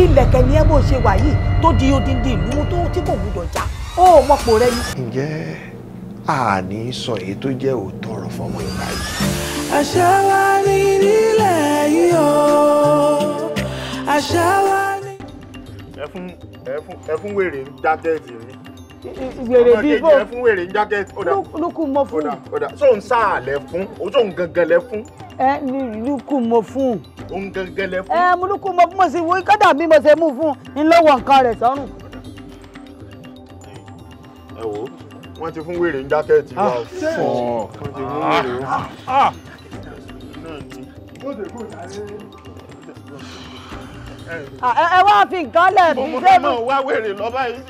ilẹ̀kẹ̀ ni ẹ bó ṣe wà yìí tó di odindi ìlú tó tí kò gbúdọ̀ já ó mọ̀pọ̀ rẹ ni. ǹjẹ́ àní sọ èyí tó jẹ́ òótọ́ ọ̀rọ̀ fọmọ ìgbà yìí. àṣà wa ni nílẹ̀ yìí o àṣà wa ni. ẹ fún ẹ fún ẹ fún wèrè ń jákẹ́ẹ̀tì mi wèrè bíi bó ọmọ kejì ẹ fún wèrè ń jákẹ́ẹ̀tì. lukú mọ fún mi. so n sáà lẹ fún ojú òun gangan lẹ fún ẹ lukú mo fún. òun gangan lẹ fún. ẹ lukú mo fún mo sì wú kọ́dà bí mo ṣe mú fún un ńlọ́wọ́ nǹkan rẹ̀ sọ́rùn. ẹ wo wọn ti fún wèrè ń jákẹ́ẹ̀tì wa o. fọ ah, wọn ti fún wèrè o. Ah, ah, ẹ wá fi nǹkan lẹ̀ bí sẹ́mi. mo mọ̀ wá wèrè lọ́ba yìí.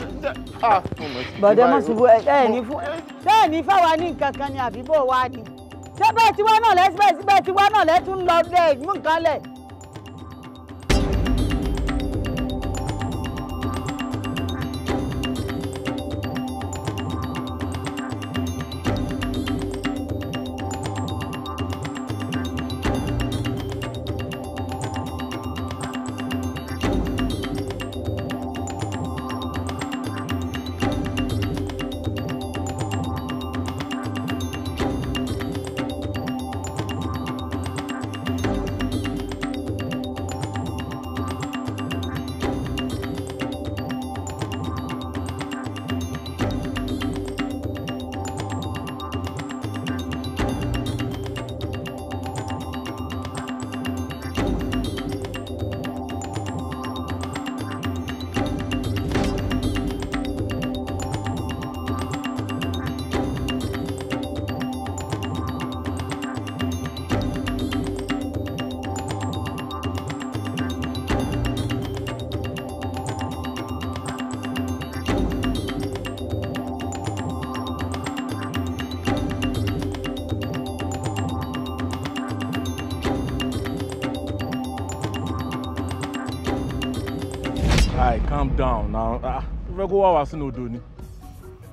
bọ̀dẹ́ mo sì wú ẹ ẹ ní fún ẹ ní fáwa ní nǹkan kan ni àbí bò wá ni ṣé bẹ́ẹ̀ tiwa náà lẹ́ síbẹ̀ síbẹ̀ tiwa náà lẹ́ tún lọ dé mú nǹkan lẹ̀ kó wà wá sínú odò ni.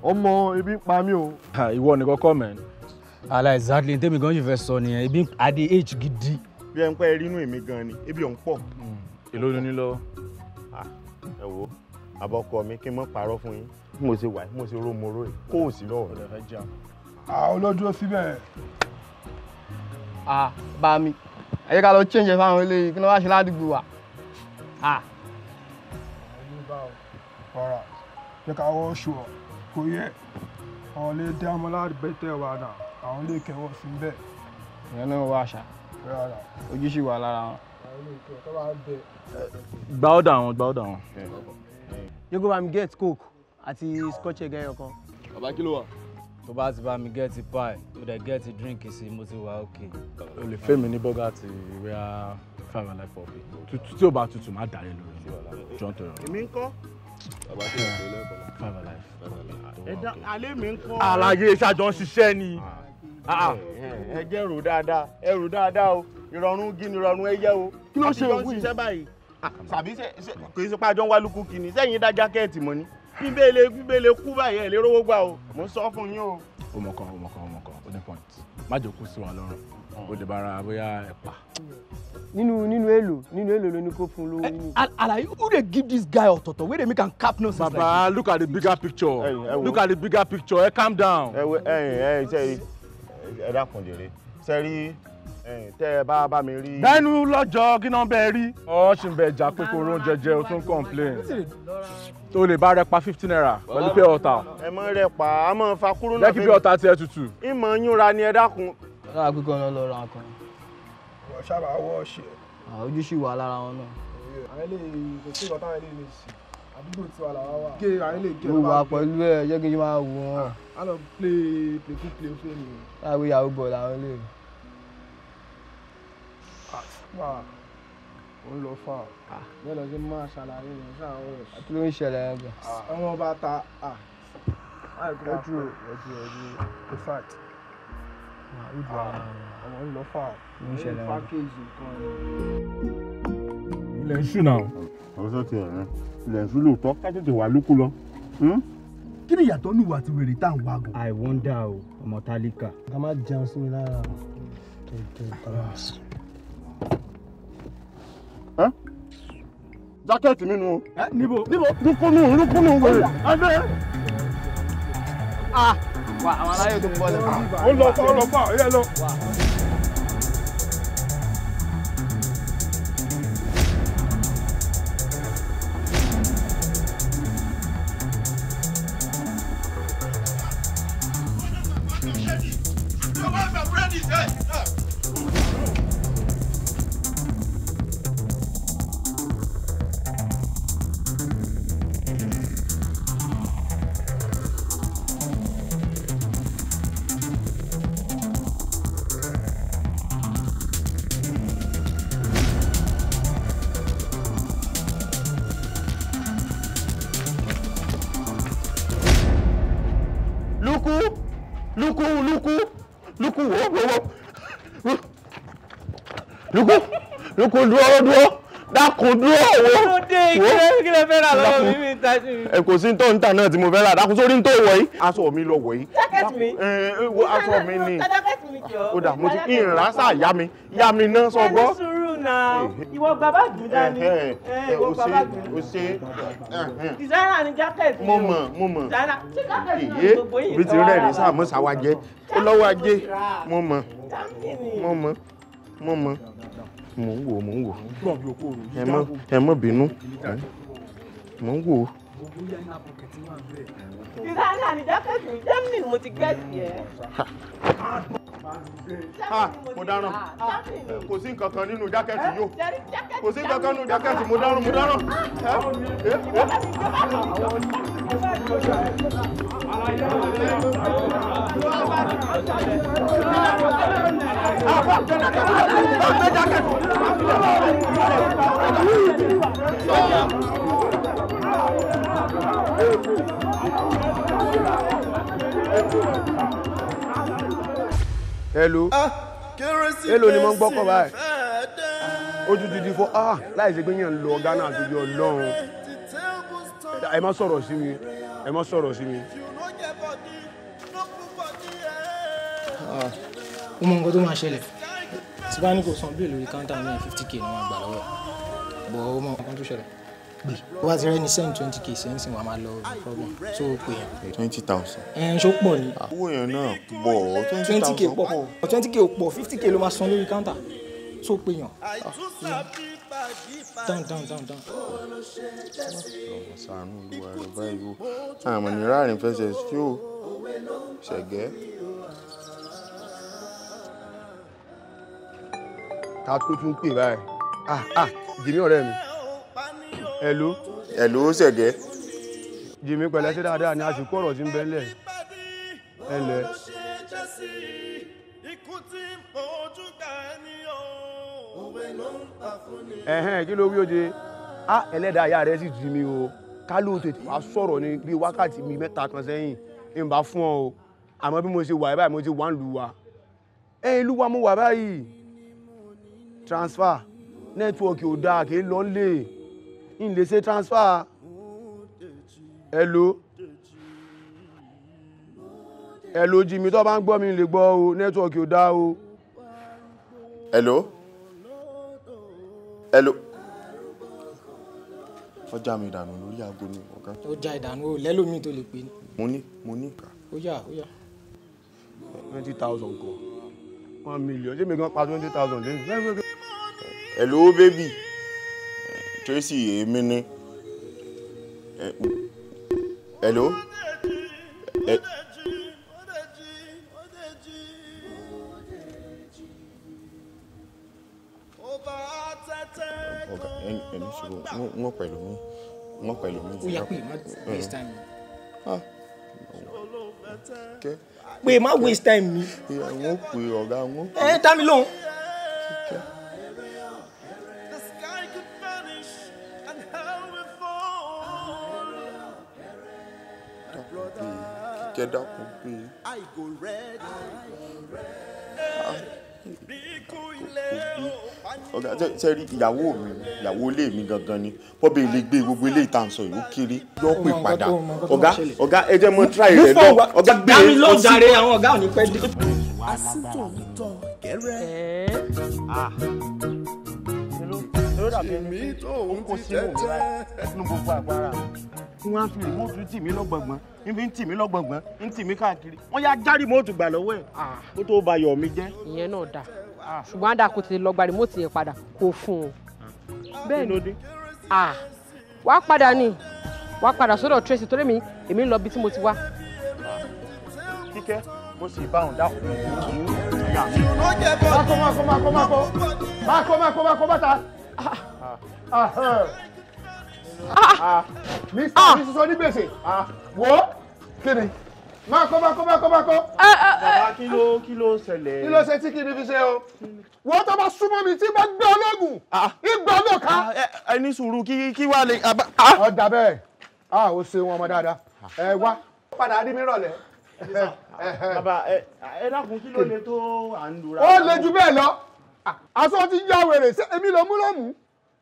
ọmọ ebi ń pa mí o. ìwọ ni kọ́kọ́ mẹ́. ala exactly ní tèmi gan yìí fẹ́ sọ nìyẹn ebi at the age gidi. bí ẹ ń pẹ́ rí inú èmi gan ni ebi ò ń pọ̀. Hmm, èló ló ní lọ́wọ́. ẹ wo àbọ̀kọ mi kí n mọ̀ parọ́ fún yín mo ṣe wà mo ṣe rómoró yìí kó o sì lọ́wọ́ rẹ̀ fẹ́ jẹun. àwọn olódúró síbẹ̀. a bá mi ẹ ká lọ change fáwọn eléyìí kí wọ́n wá ṣe ládùúgbò wa. ọ̀rọ̀ jẹ́ ká wọ́ ṣù ọ́ kò yẹ àwọn ilé dé ọmọláàdì bẹ́tẹ̀ wà náà àwọn ilé kẹwọ́ sí bẹ́ẹ̀. ìyẹn náà wá àṣà ojú sì wà lára wọn. gba ọ̀dà wọn gba ọ̀dà wọn. yóò bá mi get coke àti scotch egg ẹyọ kan. bàbá kí ló wà. tó bá ti bá mi get pie tó dẹ̀ get drink sí mo ti wà ok. o lè fẹ́ mi ní bọ́gà àti ìwé five and nine tí o bá tutù má dàrí lórí jọ́ntò rẹ̀. èmi ń kọ́. Ah, àlàyé ṣàjọ ń ṣiṣẹ́ ni ah. Ah, ẹ jẹ́ rò dáadáa ẹ rò dáadáa o ìrọ̀rùn gí ni ìrọ̀rùn ẹ yẹ o kí ló ṣe òwú yìí sàbí kò sí pàjọ́ wálùkù kìíní sẹ́yìn dá jákẹ́ẹ̀tì mọ́ ni bíbélé bíbélé kú báyìí ẹ̀ lérò owó gbà o mò ń sọ fún yín o. o mọ̀ kan o mọ̀ kan o mọ̀ kan o ní point má jòkó sí wa lọ́rùn ó dẹ̀ bára bóyá ẹ̀pà. nínú nínú èlò nínú èlò ló ní kó fún lówó alaye who dey give this guy ọ̀tọ̀tọ̀ wey dey make am cap nonsense like this. baba look at the bigger picture hey, hey, look at the bigger picture hey, calm down. ẹ wo ẹyin ẹyin sẹ́yìn ẹ dákun jèrè sẹ́rí tẹ́ ẹ bá bá mi rí. bẹ́ẹ̀nu lọ́jọ́ kí náà bẹ́ẹ̀ rí. ọ ṣì ń bẹ ẹja pé kò rún jẹjẹ o tún complain tó lè bá rẹpa fifteen naira pẹ̀lú pé ọ̀tà. ẹ mọ rẹpa a mọ fa kúrú náà. lẹ́kì bí ọ̀tà tiẹ̀ tutù. ìmọ̀ yúnra ni ẹ dákun lára pé kọ́ni lọ ra nǹkan. wọ́n ṣáàbà wọ́ ọ̀ṣẹ́. ojú sì wà lára wọn náà. àwọn eléyìí kò sí ìwọ́n táwọn eléyìí lè ṣe àdúgbò tí wà láwa wà. gé àwọn eléyìí gé wà pẹ̀lú ẹ̀ jẹ́ kí n máa wò wọ́n. Ah, a lọ play play fún play fún mi. láàbí yahoo bọ̀ làwọn eléyìí. Ah, ó ń lọ fà á ah. bẹ́ẹ̀ lọ sí máa ṣàlàyé rẹ̀ ṣáà ó rẹ̀. àti ló ń ṣẹlẹ̀ ẹ̀ gbà. ọmọ bá ta ojú ojú ojú in fact. Ah, ilẹ̀ ṣù náà. àwọn sọ́ọ̀tì ẹ̀rẹ́ ilẹ̀ ṣù lóòótọ́ ká wà lóko lọ. Hmm? kí ni ìyàtọ̀ nìwà àti wèrè tá à ń wagun. i wonder o ọmọ tálíkà. ká má jẹun sí mi lára kẹ̀kẹ́ tàbí. jákẹ́ẹ̀tì mi nu. níbo níbo. rúkúnú rúkúnú wèrè. adé. ah wà àwọn aláyọ̀ tó ń bọ̀ lọ. ó lọ fún ọ lọ fún ọ ilé dákun dúró dúró dákun dúró wo wo kò sí tó ń tà náà tí mo fẹ́ rà dákun sórí tó wọ̀ yìí aṣọ mi lọ wọ̀ yìí aṣọ mi ni ó dà mo ti ìrìnlá sáà yá mi yá mi náà sọ gbọ́ na ìwọ bàbá dùn dání ìwọ bàbá dùn o ṣe designer ni jacket mo mọ mo mọ iye bí ti rẹ ní sáà mọ sáwájẹ ó lọ́wọ́ ajé mo mọ mo mọ mo mọ mò ń wò mò ń wò ẹ má bínú mò ń wò ó. ìlànà àníjọ́ kẹ́sì mo ti gbẹ́sì ẹ̀. Ah, mo dáràn ah. kò sí nǹkan kan nínú jákẹ́ẹ̀tì yóò eh, kò sí nǹkan kan nínú jákẹ́ẹ̀tì mo dáràn mo dáràn. Ah, eh, eh, Thank you hello ah, hello ni mo ń gbọ́kọ̀ báyìí ojú dídí fọ ah láì ṣe pé yẹn ń lọ ghana àtúndì ọlọ́run ẹ má sọ̀rọ̀ sí mi ẹ má sọ̀rọ̀ sí mi. ó eh. ah, mọ nǹkan tó máa ṣẹlẹ̀ tí bá ní kò san bíìlì lórí káńtà mi fifty k ni wọ́n gbà lọ́wọ́ bọ̀ ó mọ nǹkan tó ṣẹlẹ̀ gbé bó ti rẹ́ ní send twenty k sẹ́yìn sì wà máa lọ problem tó o pè yàn. twenty thousand. ẹ ẹ ṣó pọ̀ ni. owó yẹn náà pọ̀ twenty k pọ̀ twenty k pọ̀ fifty k ló máa san lórí counter tó o pè yàn. Ah, down down down down. ọmọ sànú olúwa rẹ báyìí o àmọ́ ní ráàrin fẹsẹ̀ sí o ṣẹ̀gẹ́. ká tó tún pè báyìí ah ah jìnnì ọ̀rẹ́ mi ẹ̀lú. ẹ̀lú ó Jimmy, jìmí pẹ̀lẹ́ sí dáadáa ni àsìkò ọ̀rọ̀ sí ń bẹ́ ńlẹ̀ ẹ̀lẹ́. ẹ̀hẹ́n kí ló wí oje á ẹlẹ́dàá ayá rẹ̀ sì jí mi o ká tètè wá sọ̀rọ̀ ní bíi wákàtí mi mẹ́ta kan sẹ́yìn ń bá fún ọ o àmọ́ bí mo ṣe wà báyìí mo ti wà ń lu wa ẹ̀ ìlú wa mo wà báyìí transfer nẹ́tíwọ̀kì ò dáa kì í lọ́ọ́ lè n lè ṣe transfer hello hello Jimmy tó bá ń gbọ́ mi lè gbọ́ o nẹ́tíwọ̀kì ò dá o. hello hello ọjà mi ìdànù lórí aago ni ọ̀gá. ọjà ìdànù o lẹ́lòmíì tó lè pè ní. mo ní mo ní ìka. ó yá ó yá. twenty thousand kọ one million ṣé mi gan pa twenty thousand lẹ́nu. hello baby. Tracy èmi ni. Hello? ọ̀gá ẹni ẹni ṣòro wọ́n pẹ̀lú mi wọ́n pẹ̀lú mi. ó yà pé má waste time. Ah. pé má waste time mi. wọ́n mi lóhùn. jẹ́ dákun bí. ọ̀gá ṣe rí ìyàwó mi ìyàwó ilé mi gangan ni pọ́bí ilé gbé gbogbo ilé ìta ń sọ ìlú kiri yọ pé padà ọ̀gá ọ̀gá ẹ jẹ́ mọ́ tíráì rẹ̀ lọ ọ̀gá gbé e lọ sí. dáre àwọn ọ̀gá ò ní pẹ́ dé. asítò mi tán Ah. èmi tó ń ti tẹ́tẹ́ tí wọ́n á fi rìmọ́ọ̀tù hmm. tì mí lọ́gbọ̀ngbọ̀n ń fi ń tì mí lọ́gbọ̀ngbọ̀n ń tì mí káàkiri wọ́n yá já rìmọ́ọ̀tù gbà lọ́wọ́ ẹ̀ ah. kó tó ba yọ̀ mi jẹ́. ìyẹn náà dà ah. ṣùgbọ́n àdá kò tètè lọ gba rìmọ́ọ̀tù yẹn padà kò fún un. Ah. bẹ́ẹ̀ ni wà á padà ni wà á padà sọ́dọ̀ Tracy torí mi èmi ń lọ bí tí mo ti wá. kíkẹ́ mo sì bá òun dáhùn ìyá mi. máa kó máa kó máa kó máa kó máa kó máa kó máa kó bàtà ní ah, ah. sísọ ní gbèsè ah, wo kíni máa kọ́ máa kọ́ máa kọ́ máa kọ́. Eh, eh, eh. bàbá Kilo, ló kí ló ṣẹlẹ̀. kí ló ṣe tí kì í ní fi ṣe o. wo tó bá súnmọ́ mi tí bá gbé ọlọ́gùn ìgbà ọlọ́ka. ẹ ní sùúrù kí kí wàá lè. ọ̀dà bẹ́ẹ̀ a ò ṣe wọn ọmọ dáadáa ẹ wá padà rí mi rọ̀lẹ́. bàbá ẹ dákun kí ló lè tó à ń lura. ó le jù bẹ́ẹ̀ lọ aṣọ ti yá wèrè ṣé èmi ló mú lọ́mú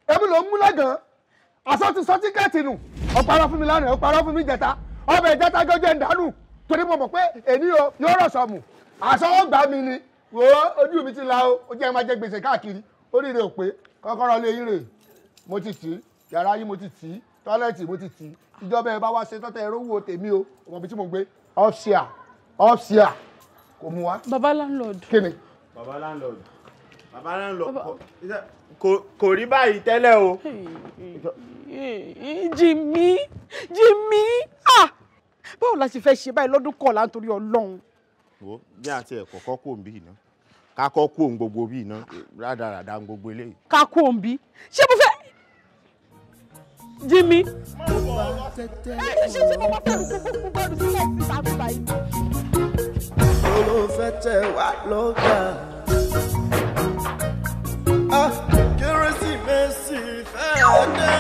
èmi ló mú lágàn-án ọ̀sán ti sọ tíkẹ́ẹ̀tì nù ó parọ́ fún mi lánàá ó parọ́ fún mi jẹta ọbẹ̀ ìjẹta jọjọ ìdánù torí mo mọ̀ pé èmi o yóò rọ̀ sọ̀mù àsọwọ́ gbà mí ni wò ó ojú mi ti la o ó jẹ́ máa jẹ gbèsè káàkiri ó rí rè ó pé kọ́kọ́rọ́ lé yín rè mo ti tì í yàrá yín mo ti tì í tọ́lẹ́ẹ̀tì mo ti tì í ìjọba ẹ bá wá ṣe tọ́tẹ̀ ẹ̀rọ wo tèmi o ọmọ ibi tí mo gbé ọ́fṣíà ọ́fṣíà kò mú wa. baba landlord. kí ni. baba landlord bàbá náà lọ kò rí báyìí tẹ́lẹ̀ o. Jimmy Jimmy ah báwo la ṣe fẹ́ ṣe báyìí lọ́dún kọ̀ọ̀la nítorí ọlọ́run. wo bí àti ẹ̀ kọ̀ọ̀kan kò ń bí iná ká kọ́ kó ń gbogbo bí iná rádaràda ń gbogbo eléyìí. ká kó ń bí ṣé mo fẹ́ Jimmy. ẹ ṣe ṣe mo fẹ́ gbogbo ẹrù sílẹ̀ síta nígbà yìí. olùfẹ́ tẹ wá lọ́gàá. Ah, kérésìmesì fẹ́ dé.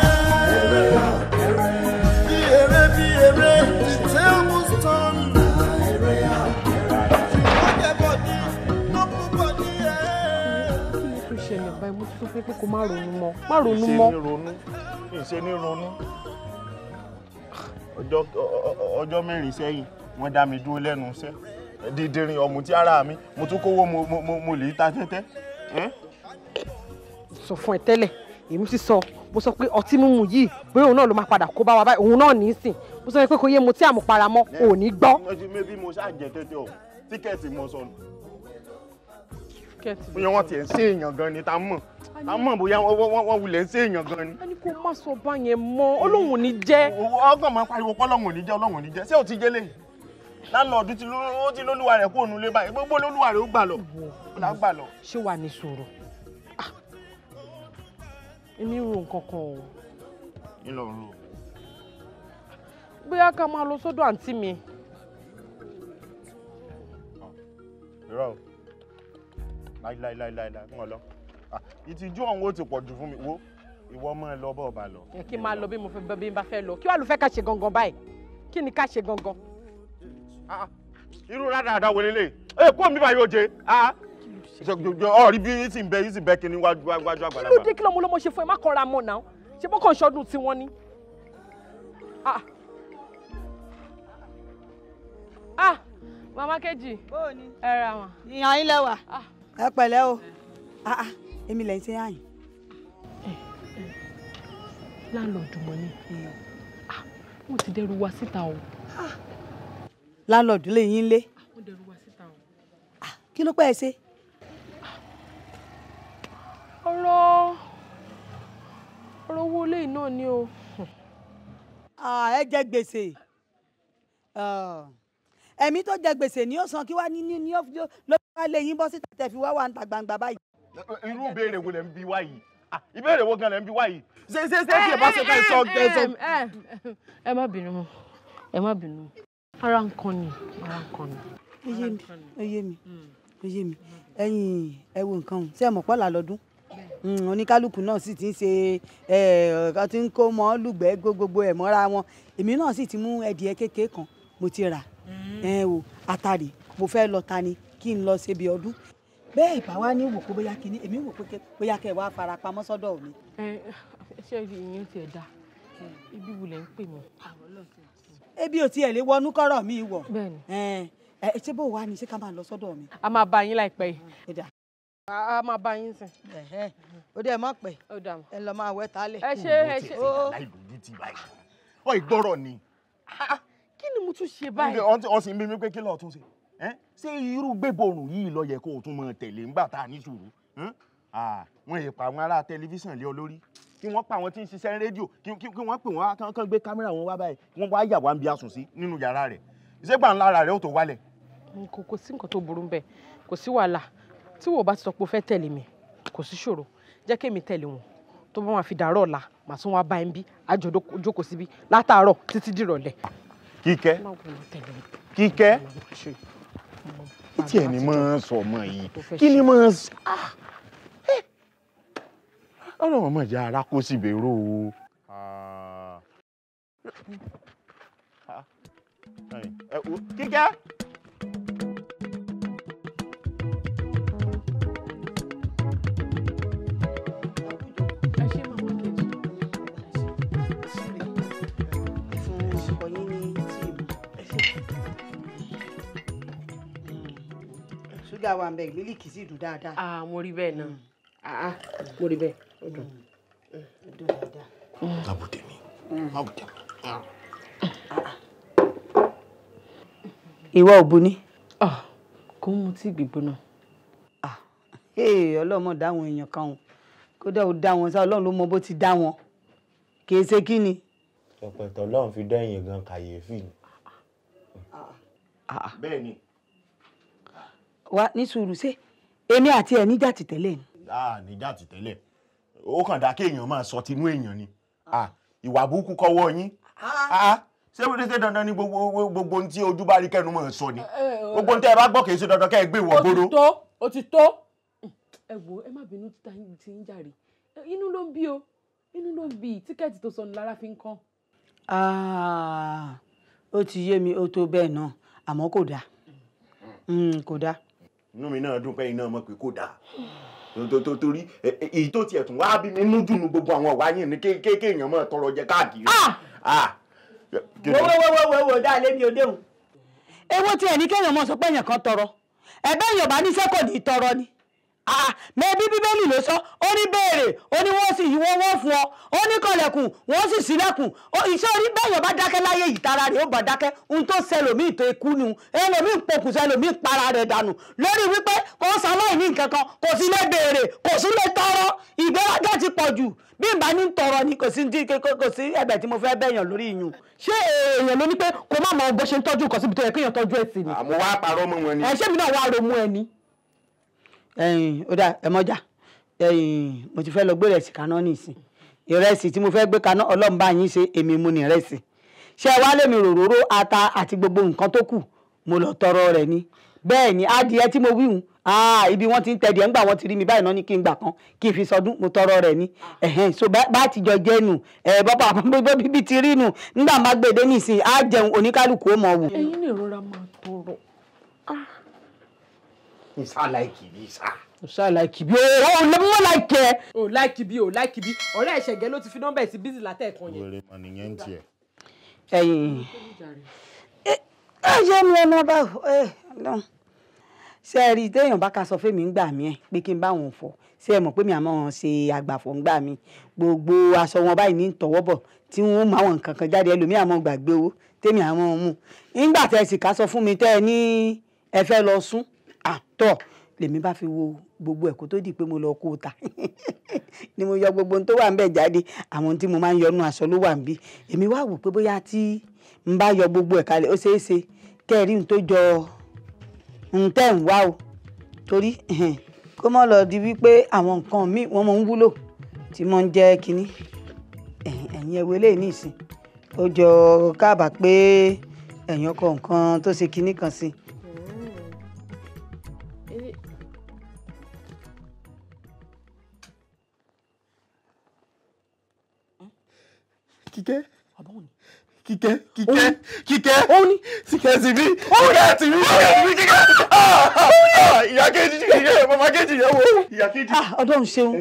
bí eré bí eré the tale must turn. báyìí mo ti sọ fún pé kó má ronú mọ́ má ronú mọ́. kì í ṣe ní ronú ọjọ́ mẹ́rin sẹ́yìn wọ́n dá mi dúró lẹ́nu iṣẹ́ dídìrín ọ̀mùtí ara mi mo tún kówó mo lè ta tẹ́tẹ́ sọ fún ẹ tẹ́lẹ̀ èmi ti sọ mo sọ pé ọtí mímu yìí bóyá òun náà ló máa padà kó bá wa báyìí òun náà ní í sìn mo sọ pé kò yé mo tí àmupara ò ní gbọ́. bí mo ṣàjẹ tẹ́tẹ́ o tíkẹ́ẹ̀tì mo sọnù. bóyá wọ́n tiẹ̀ ń ṣe èèyàn gan ni tá a mọ̀ tá a mọ̀ bóyá wọ́n wulẹ̀ ń ṣe èèyàn gan ni. a ní kó má sọ bá yẹn mọ Ọlọ́hun ní jẹ́. ọgàn máa pariwo pé Ọlọ́hun ní jẹ́ Ọlọ́hun ní jẹ́ ṣé o ti jẹ́ lẹ́yìn lálọ́ọ̀dún èmi ro nǹkan kan o. kí ló ń rò. bóyá ká máa lọ sọ́dọ̀ àǹtí mi. irọ́ o láíláíláíláí mọ̀ lọ ah, ìtìjú ọ̀hún ó ti pọ̀ jù fún mi wo ìwọ máa lọ bọ́ ọba lọ. kí n máa lọ bí mo fẹ́ bí n bá fẹ́ lọ kí wàá lọ fẹ́ ká ṣe gangan báyìí kí ni ká ṣe gangan. Ah, ah, irú rádàrádà wo lélẹ̀ èkó mi bá yóò jẹ jọjọ ọrí bí yín sì ń bẹ yín sì bẹ kí ni wájú wájú àgbàlagbà. kí ló dé kí lọmọ lọmọ ṣe fún ẹ má kọra mọ náà ṣe bọ́kàn ṣọdún tiwọn ni. ah ah mama kejì ẹ ra wọn. ìyàn yín lẹ́wà ah. ẹ pẹ̀lẹ́ o ah, ah, èmi lẹ́yìn tí yàn yín. Eh, eh. láńlọ́ọ̀dù mọ́ ni wọ́n ti dẹ́rù wa síta o. láńlọ́ọ̀dù lè yín lé. wọ́n dẹ́rù wa síta o. kí ló pẹ́ ẹ ṣe. sanwó lẹ́yìn náà ni o. ẹ jẹ gbèsè ẹ̀mí tó jẹ gbèsè ni ó san kí wá ní ní ní ló wá lé yín bọ́ síta tẹ̀ fi wá wà ń ta gbangba báyìí. irú ìbéèrè wo lẹ̀ ń bi wá yìí ìbéèrè wo gan lẹ̀ ń bi wá yìí ṣe ṣe ṣe tí ẹ bá ṣe ká ìsọ ẹsọ. ẹ má bínú ẹ má bínú ara nǹkan ni ara nǹkan ni. ó yé mi ó yé mi ó yé mi ẹ̀yin ẹ wo nǹkan ọ̀hún ṣé ẹ mọ̀ pọ́lá lọ́dún Mm, oníkálukú náà sì ti ń ṣe ọ̀kan tí ń kó mọ́ lùgbẹ́ gbogbo ẹ̀ mọ́ra wọn èmi náà sì ti mú ẹdìẹ kékeré kan mo ti rà mm. ẹ o àtàrí mo fẹ́ lọ ta ni kí n lọ ṣebi ọdún bẹ́ẹ̀ ìbá wa ní wò kó bóyá kíní èmi wò pé bóyá kẹ́ ẹ̀ wá fara pamọ́ sọ́dọ̀ mi. ẹ ṣé ibi ìyẹn ti ẹ̀ dá ibi wulẹ̀ ń pè mí. ebi ò tiẹ̀ lè wọnú kọ́rọ̀ mi wọ̀ ẹ ṣé bó wa ni ṣé ká máa lọ sọ́dọ̀ mi. a máa bá yín láìpẹ́ yìí a máa bá yín sìn. ó dẹ̀ mọ̀ pé ẹ lọ máa wẹ́ ta lẹ̀. ẹ ṣe ẹ ṣe. aláìlójú ti báyìí ọ ìgbọ́rọ̀ ni. kí ni mo tún ṣe báyìí. ọ sì ń bí mi pé kí lọ́ọ̀ tún ṣe ṣé irú gbẹ̀bọ̀rùn yìí ló yẹ kó o tún mọ tẹ̀lé ńgbà tá a ní sùúrù wọ́n yẹ pa àwọn ará tẹlifíṣàn lé ọ lórí kí wọ́n pa àwọn tí ń ṣiṣẹ́ rédíò kí wọ́n pè wọ́n kán gbé kámẹ́rà wọn wá báyìí wọ́n wá yà wá ń bi asùn sí nínú yàrá rẹ̀ ṣé gbà ńlá ara rẹ̀ ó tó wálẹ̀. kò sí nǹkan tó burú bẹ́ẹ̀ kò sí wàhálà tí wọ́n bá ti sọ pé o fẹ́ tẹ̀lé mi kò sí ṣòro jẹ́ kémi tẹ̀lé wọn tó bá wọn fi dàárọ̀ ọ̀la màá tún wá bá ẹ̀ńbí àjọ jókòó síbi látàárọ̀ títí dìrọ̀lẹ́. kíkẹ́ kíkẹ́ kí tiẹ̀ ni mo ń sọ ọmọ yìí kí ni mo ń sọ ọ̀rọ̀ ọmọ ìyá ara kó sì bèrò o. Ah. Ah. Eh, eh, kíkẹ́. ṣúgà wà mbẹ mílíkì sì dùn dáadáa. ah mo rí bẹ́ẹ̀ náà mm. ah, ah mo rí bẹ́ẹ̀ ó dùn mm. Mm. ó dùn dáadáa. má bù tèmi má bù tèmi. Ah. Ah. ìwọ ò bu ni. kò ń mutí gbígbóná. ọlọ́mọ dá àwọn èèyàn kan o kódà ó dá wọn sá ọlọ́run ló mọ bó ti dá wọn kì í ṣe kí ni. ọ̀pẹ̀tọ̀ ọlọ́run fi dẹ́yìn gan kàyéfì ni. bẹ́ẹ̀ ni wa ní sùúrù ṣe èmi àti ẹ níjà ti tẹ́lẹ̀ ni. a níjà ti tẹ́lẹ̀ ó kàn dá kéèyàn máa sọ tinú èèyàn ni ìwà burúkú kọ́wọ́ yín ah. ṣé wọ́n ṣe dandan ni gbogbo ohun tí ojú bá rí kẹ́nu mọ̀ sọ ni eh, eh, gbogbo ohun tẹ́ ẹ bá gbọ́ kì í ṣe dandan kẹ́ ẹ gbé ìwọ̀ gbóró. ó ti tó ó ti tó ẹ wo ẹ má bínú títa ti ń jàre inú ló ń bí o inú ló ń bí tíkẹ́ẹ̀tì tó sọnù lára fi ń kán. ó ti yé mi ó tó bẹ́ẹ̀ náà àmọ́ kò dáa mm. Mm, kò dáa inú mi náà dùn pé iná ọmọ pé kò dáa torí èyí tó tiẹ̀ tún wá bí mi nú dùnú gbogbo àwọn ọ̀wá yìí ní kéékèèké èèyàn mọ̀ tọrọ jẹ káàkiri. Ah! Ah! wọ́wọ́wọ́wọ́ dáa lémi ò déhùn. ewo tiẹ̀ ní kéèyàn sọ pé èèyàn kan tọrọ ẹ̀bẹ̀ èèyàn bá níṣẹ́ kò ní tọrọ ni. Ah, mẹ́bí bíbélì ló sọ ó ní béèrè ó ní wọ́n sì yí wọ́n wọ́n fún ọ ó ní kọlẹ̀kùn wọ́n sì sílẹ̀kùn iṣẹ́ orí bẹ́yàn bá dákẹ́ láyé ìtara rẹ̀ ó bá dákẹ́ ohun tó ṣe ẹlòmíì tó ikú ni ẹlòmíì pokùnso ẹlòmíì para rẹ̀ dànù lórí wípé kò sáláì ní nǹkan kan kò sí lè béèrè kò sí lè tọrọ ìgbéraga ti pọ̀ jù bí n bá ní tọrọ ni kò sí kò sí ẹ̀bẹ̀ tí mo fẹ́ bẹ̀yàn lórí iyùn ṣé èèyàn ló ní pé kò má mọ bó ṣe ń tọ́jú nǹkan síbi tó yẹ kéèyàn tọ́jú ẹ̀ sí ni. àmọ́ wàá parọ́ mọ́ wọn ni. ẹ ṣé mi náà wàá romú ẹni ó dà ẹ mọ́jà mo ti fẹ́ lọ gbé ìrẹsì kaná nìsín ìrẹsì tí mo fẹ́ gbé kaná ọlọ́run bá yín ṣe èmi mú ní ìrẹsì ṣé ẹ wá lèmi ròróró ata àti gbogbo nǹkan tó kù mo lọ tọrọ rẹ ni bẹ́ẹ̀ ni adìẹ tí mo wíhun ah, ibi wọ́n ti ń tẹ̀díẹ̀ ńgbà wọ́n ti rí mi báyìí náà ní kí n gbà kan kí n fi sọdún mo tọrọ rẹ ni so bá ti jọ jẹ nù bàbá àbábọ́ bíbí ti rí nù nígbà má gbèdé nìsín á jẹun oníkálukú ó mọ̀ wù. ẹ̀yin lè rọra máa tọrọ ìsà láìkì bí ìsà. ìsà láìkì bí o ò lè mú láìkì ẹ. o láìkì bí o láìkì bí ọ̀rẹ́ ẹ̀ṣẹ̀gẹ́ ló ti fi nọ́mbà ẹ̀ sí bísí látẹ̀kan yẹn. wèrè màní yẹn ń tiẹ̀. ẹ̀yin ẹ jẹ́ mi ọmọ bá ẹ lọ́n ṣe rí i téèyàn bá ka sọ fún mi ń gbà mí ẹ pé kí n bá wọn fọ ṣe é mọ̀ pé mi àmọ́ wọn ṣe àgbàfọ̀ ń gbà mí gbogbo aṣọ wọn báyìí ní tọwọ́ bọ̀ tí wọ́n mú àwọn nǹkan kan jáde ẹlòmíì àmọ́ gbàgbé owó tèmi àmọ́ mú nígbà tẹ́ sì ká sọ fún mi tẹ́ ẹ ní ẹ fẹ́ lọ sùn àtọ̀ lèmi bá fi wo gbogbo ẹ̀ kó tó di pé mo lọ kó o ta ni mo yọ gbogbo ohun tó wà ń bẹ̀ jáde àwọn tí mo máa ń yọnu aṣọ ló wà ń bí èmi wá wò pé bóyá tí n bá yọ gbogbo ẹ̀ kalẹ̀ ó ṣeé ṣe kẹ́ ẹ rí n tó jọ n tẹ́ ń wá o torí kó mọ́ lọ di wípé àwọn nǹkan míì wọ́n mọ̀ ń wúlò tí mo ń jẹ́ kínní ẹ̀yìn ẹ̀wẹ̀ lè ní ó jọ káàbà pé ẹ̀yìn ọkọ̀ nǹkan tó ṣe kínní kan sí i kíkẹ́ kíkẹ́ kíkẹ́ kíkẹ́ kíkẹ́ sí mi kíkẹ́ sí mi kíkẹ́ sí mi kíkẹ́ ìyá kejì kíkẹ́ mama kejì yẹn wo ìyá kejì. Ah, ọlọ́run ṣeun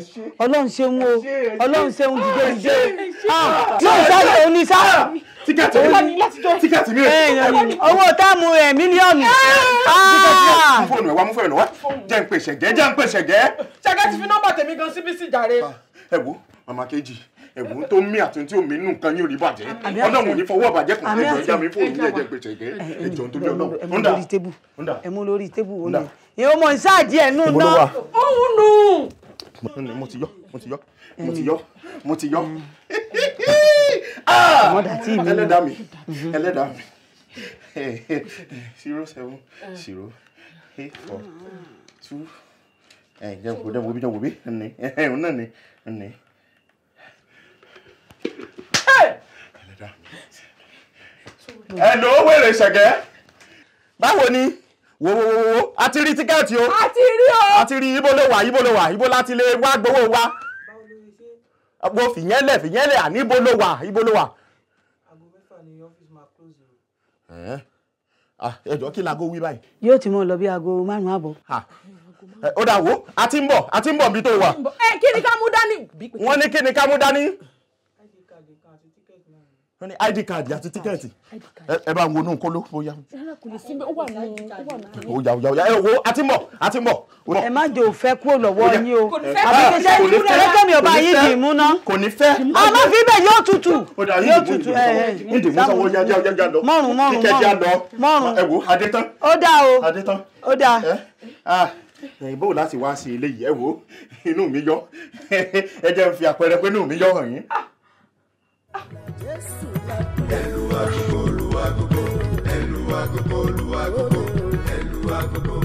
ọlọ́run ṣeun o ọlọ́run ṣeun dìde ah, dìde ah, tí o sáré o ní sáré tíkẹ́ẹ̀tì mi tíkẹ́ẹ̀tì mi rẹ̀. owó táàmù rẹ̀ mílíọ̀nù. mú fóònù ẹ̀ wá mú fóònù ẹ̀ wá jẹ́ ń pè ṣẹ̀gẹ́ jẹ́ ń pè ṣẹ̀gẹ́. ṣẹ̀gẹ́ ti fi nọ́mbà tèmi gan síbí sí jàre. ẹ wo mama kejì ẹ̀wù tó mí àti tí omi nù kan yóò rí bàjẹ́ ọlọ́run ní fọwọ́ bàjẹ́ kan ẹjọ́ ẹja mi fóònù ẹjẹ pèsè ìgẹ́ ẹjọ́ tó bí ọlọ́run ọ̀ndà ọ̀ndà ẹ̀mú lórí tébù ọ̀ndà ìyẹn ọmọ ìsáàjì ẹ̀ nù náà òun nù. mo ti yọ mo ti yọ mo ti yọ mo ti yọ ẹlẹ́dàá ah! mi ẹlẹ́dàá mi mhm. zero seven zero eight four two ẹ̀ jẹ́ wo bí jẹ́ wo bí ẹ̀ ẹ̀ ẹ̀ náà ẹ̀ ẹ̀ ẹ̀nà owó èrè ṣẹ̀gẹ́. báwo ni wo wo wo wo a ti rí tíkẹ́ẹ̀tì o. a ti rí o. a ti rí ibo ló wà ibo ló wà ibo láti lè wá gbowó wa. wo fìyẹ́lẹ̀ fìyẹ́lẹ̀ àní ibo ló wà ibo ló wà. aago mẹ́fà ni ọ́fíìsì máa close o. ẹjọ́ kí lago wí báyìí. yóò ti mọ lọ bí aago márùn-ún àbọ̀. ó dà wò a ti ń bọ̀ a ti ń bọ̀ bí tó wà. ẹ kí ni ká mú dání. wọ́n ní kí ni ká mú dání wọ́n ní id card àti tíkẹ́ẹ̀tì ẹ bá wo inú kóló bóyá. kò lè síbi ó wà ní ó yà ó yà ó yà ẹ wo àti mọ̀ àti mọ̀. ẹ má jẹ́ òfẹ́ kúrò lọ́wọ́ yín o àbíkẹ́ ṣe ẹlẹ́kẹ́ mi ò bá yín dì í mú ná. kò ní fẹ́. ọmọ fi bẹ́ẹ̀ yóò tutù yóò tutù ẹ ẹ mọ̀rùn mọ̀rùn mọ̀rùn ẹ wo adé tán. ó dá o ó dá ìbò ah, láti wá sí eléyìí ẹ wo inú mi yọ ẹ jẹ́ n fi àpẹẹrẹ pé inú mi yọ hàn yín ẹlú agogo olú agogo ẹlú agogo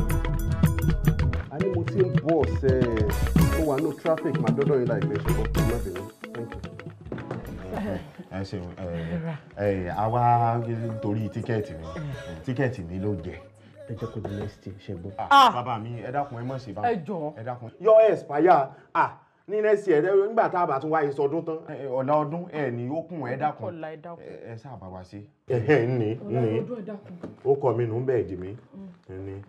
a ní mo ti ń bọ̀ ọ̀sẹ̀ ó wà ní traffic máa dọ́dọ̀ yín láìpẹ́ ṣùgbọ́n kí n má bẹ̀rẹ̀ thank you ẹ ṣeun ẹ ẹ àwa nítorí tíkẹ́ẹ̀tì mi tíkẹ́ẹ̀tì mi ló jẹ. ẹ jẹ́ kó di next year ṣe gbọ́. Ah, ah! bàbá mi ẹ dákun ẹ má ṣe bá mi. ẹ jọ̀ọ́. ẹ dákun. yọ expire ah ní nẹ́sì ẹ̀ nígbà tá a bá tún wá sọdún tán ọ̀la ọdún ẹ̀ ní ó kùn ẹ̀ dákun ẹ̀ sáà bá sí. ẹ̀ ní ní ó kọ mi nù ń bẹ́ẹ̀ dì mí. Mm.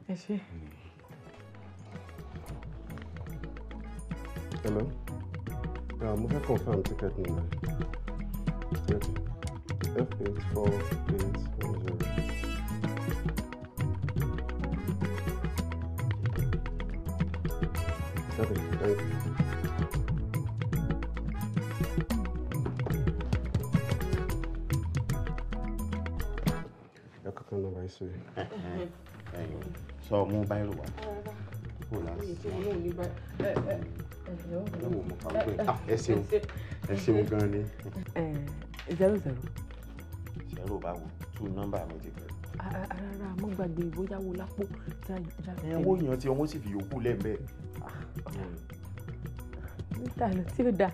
ẹ ah, mo fẹ́ confirm ticket number f eight four eight one zero. Okay, thank you. kan náà báyìí sọ yìí. sọ mú báyìí wá. kò láti sọ eh, eh, eh. ẹ wò mo kà pé ah, ẹ ṣeun ẹ ṣeun zero zero. zero báwo two nọ́mbà mi ti pẹ́. Ah, ah, rárá mo gbàgbé bóyá wo lápò já ẹ wo yan tí wọn sì fi yòókù lẹ́ẹ̀mẹ́. níta ló tí ó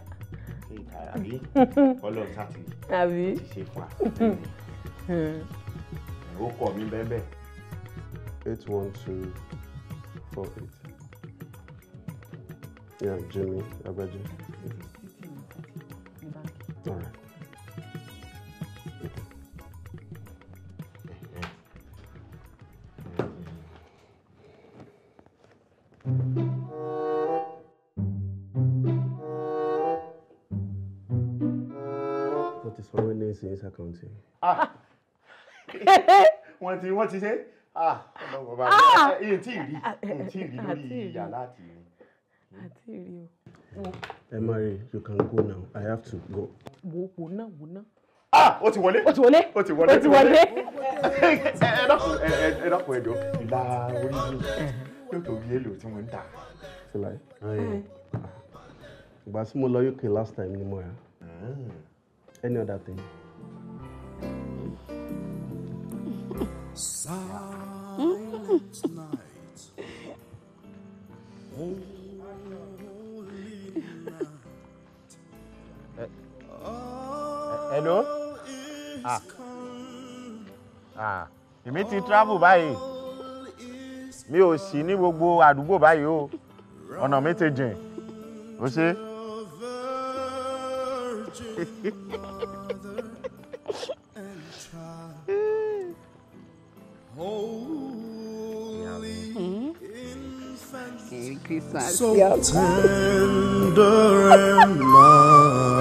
àbí ọlọ́run sá ti ṣe fún wa. Hmm ó kọ mi bẹ́ẹ̀ eight one two four eight yeah Jimmy Agbaje. All right. Forty-four minutes in his account. Ah. wọ́n ti wọ́n ti ṣe ah ọlọ́wọ́ bá mi ẹ̀yìn tí ì rí ẹ̀yìn tí ì rí lórí ìyá láti rí. àti rí o. ẹ má rí you can go now i have to go. wo wo náà wo náà. ah ó ti wọlé ó ti wọlé ó ti wọlé ó ti wọlé. ẹ dọ́kun ẹ dọ́kun ẹ jọ ìlà orí mi yóò tó bí èlò tí wọ́n ń tà. ìgbà tí mo lọ UK last time ni mo rà mm. any other thing. hello ah ah èmi ti travel báyìí mi ò sí ní gbogbo àdúgbò báyìí o ọ̀nà mi ti jìn ó ṣe. Christmas. So tender and mild.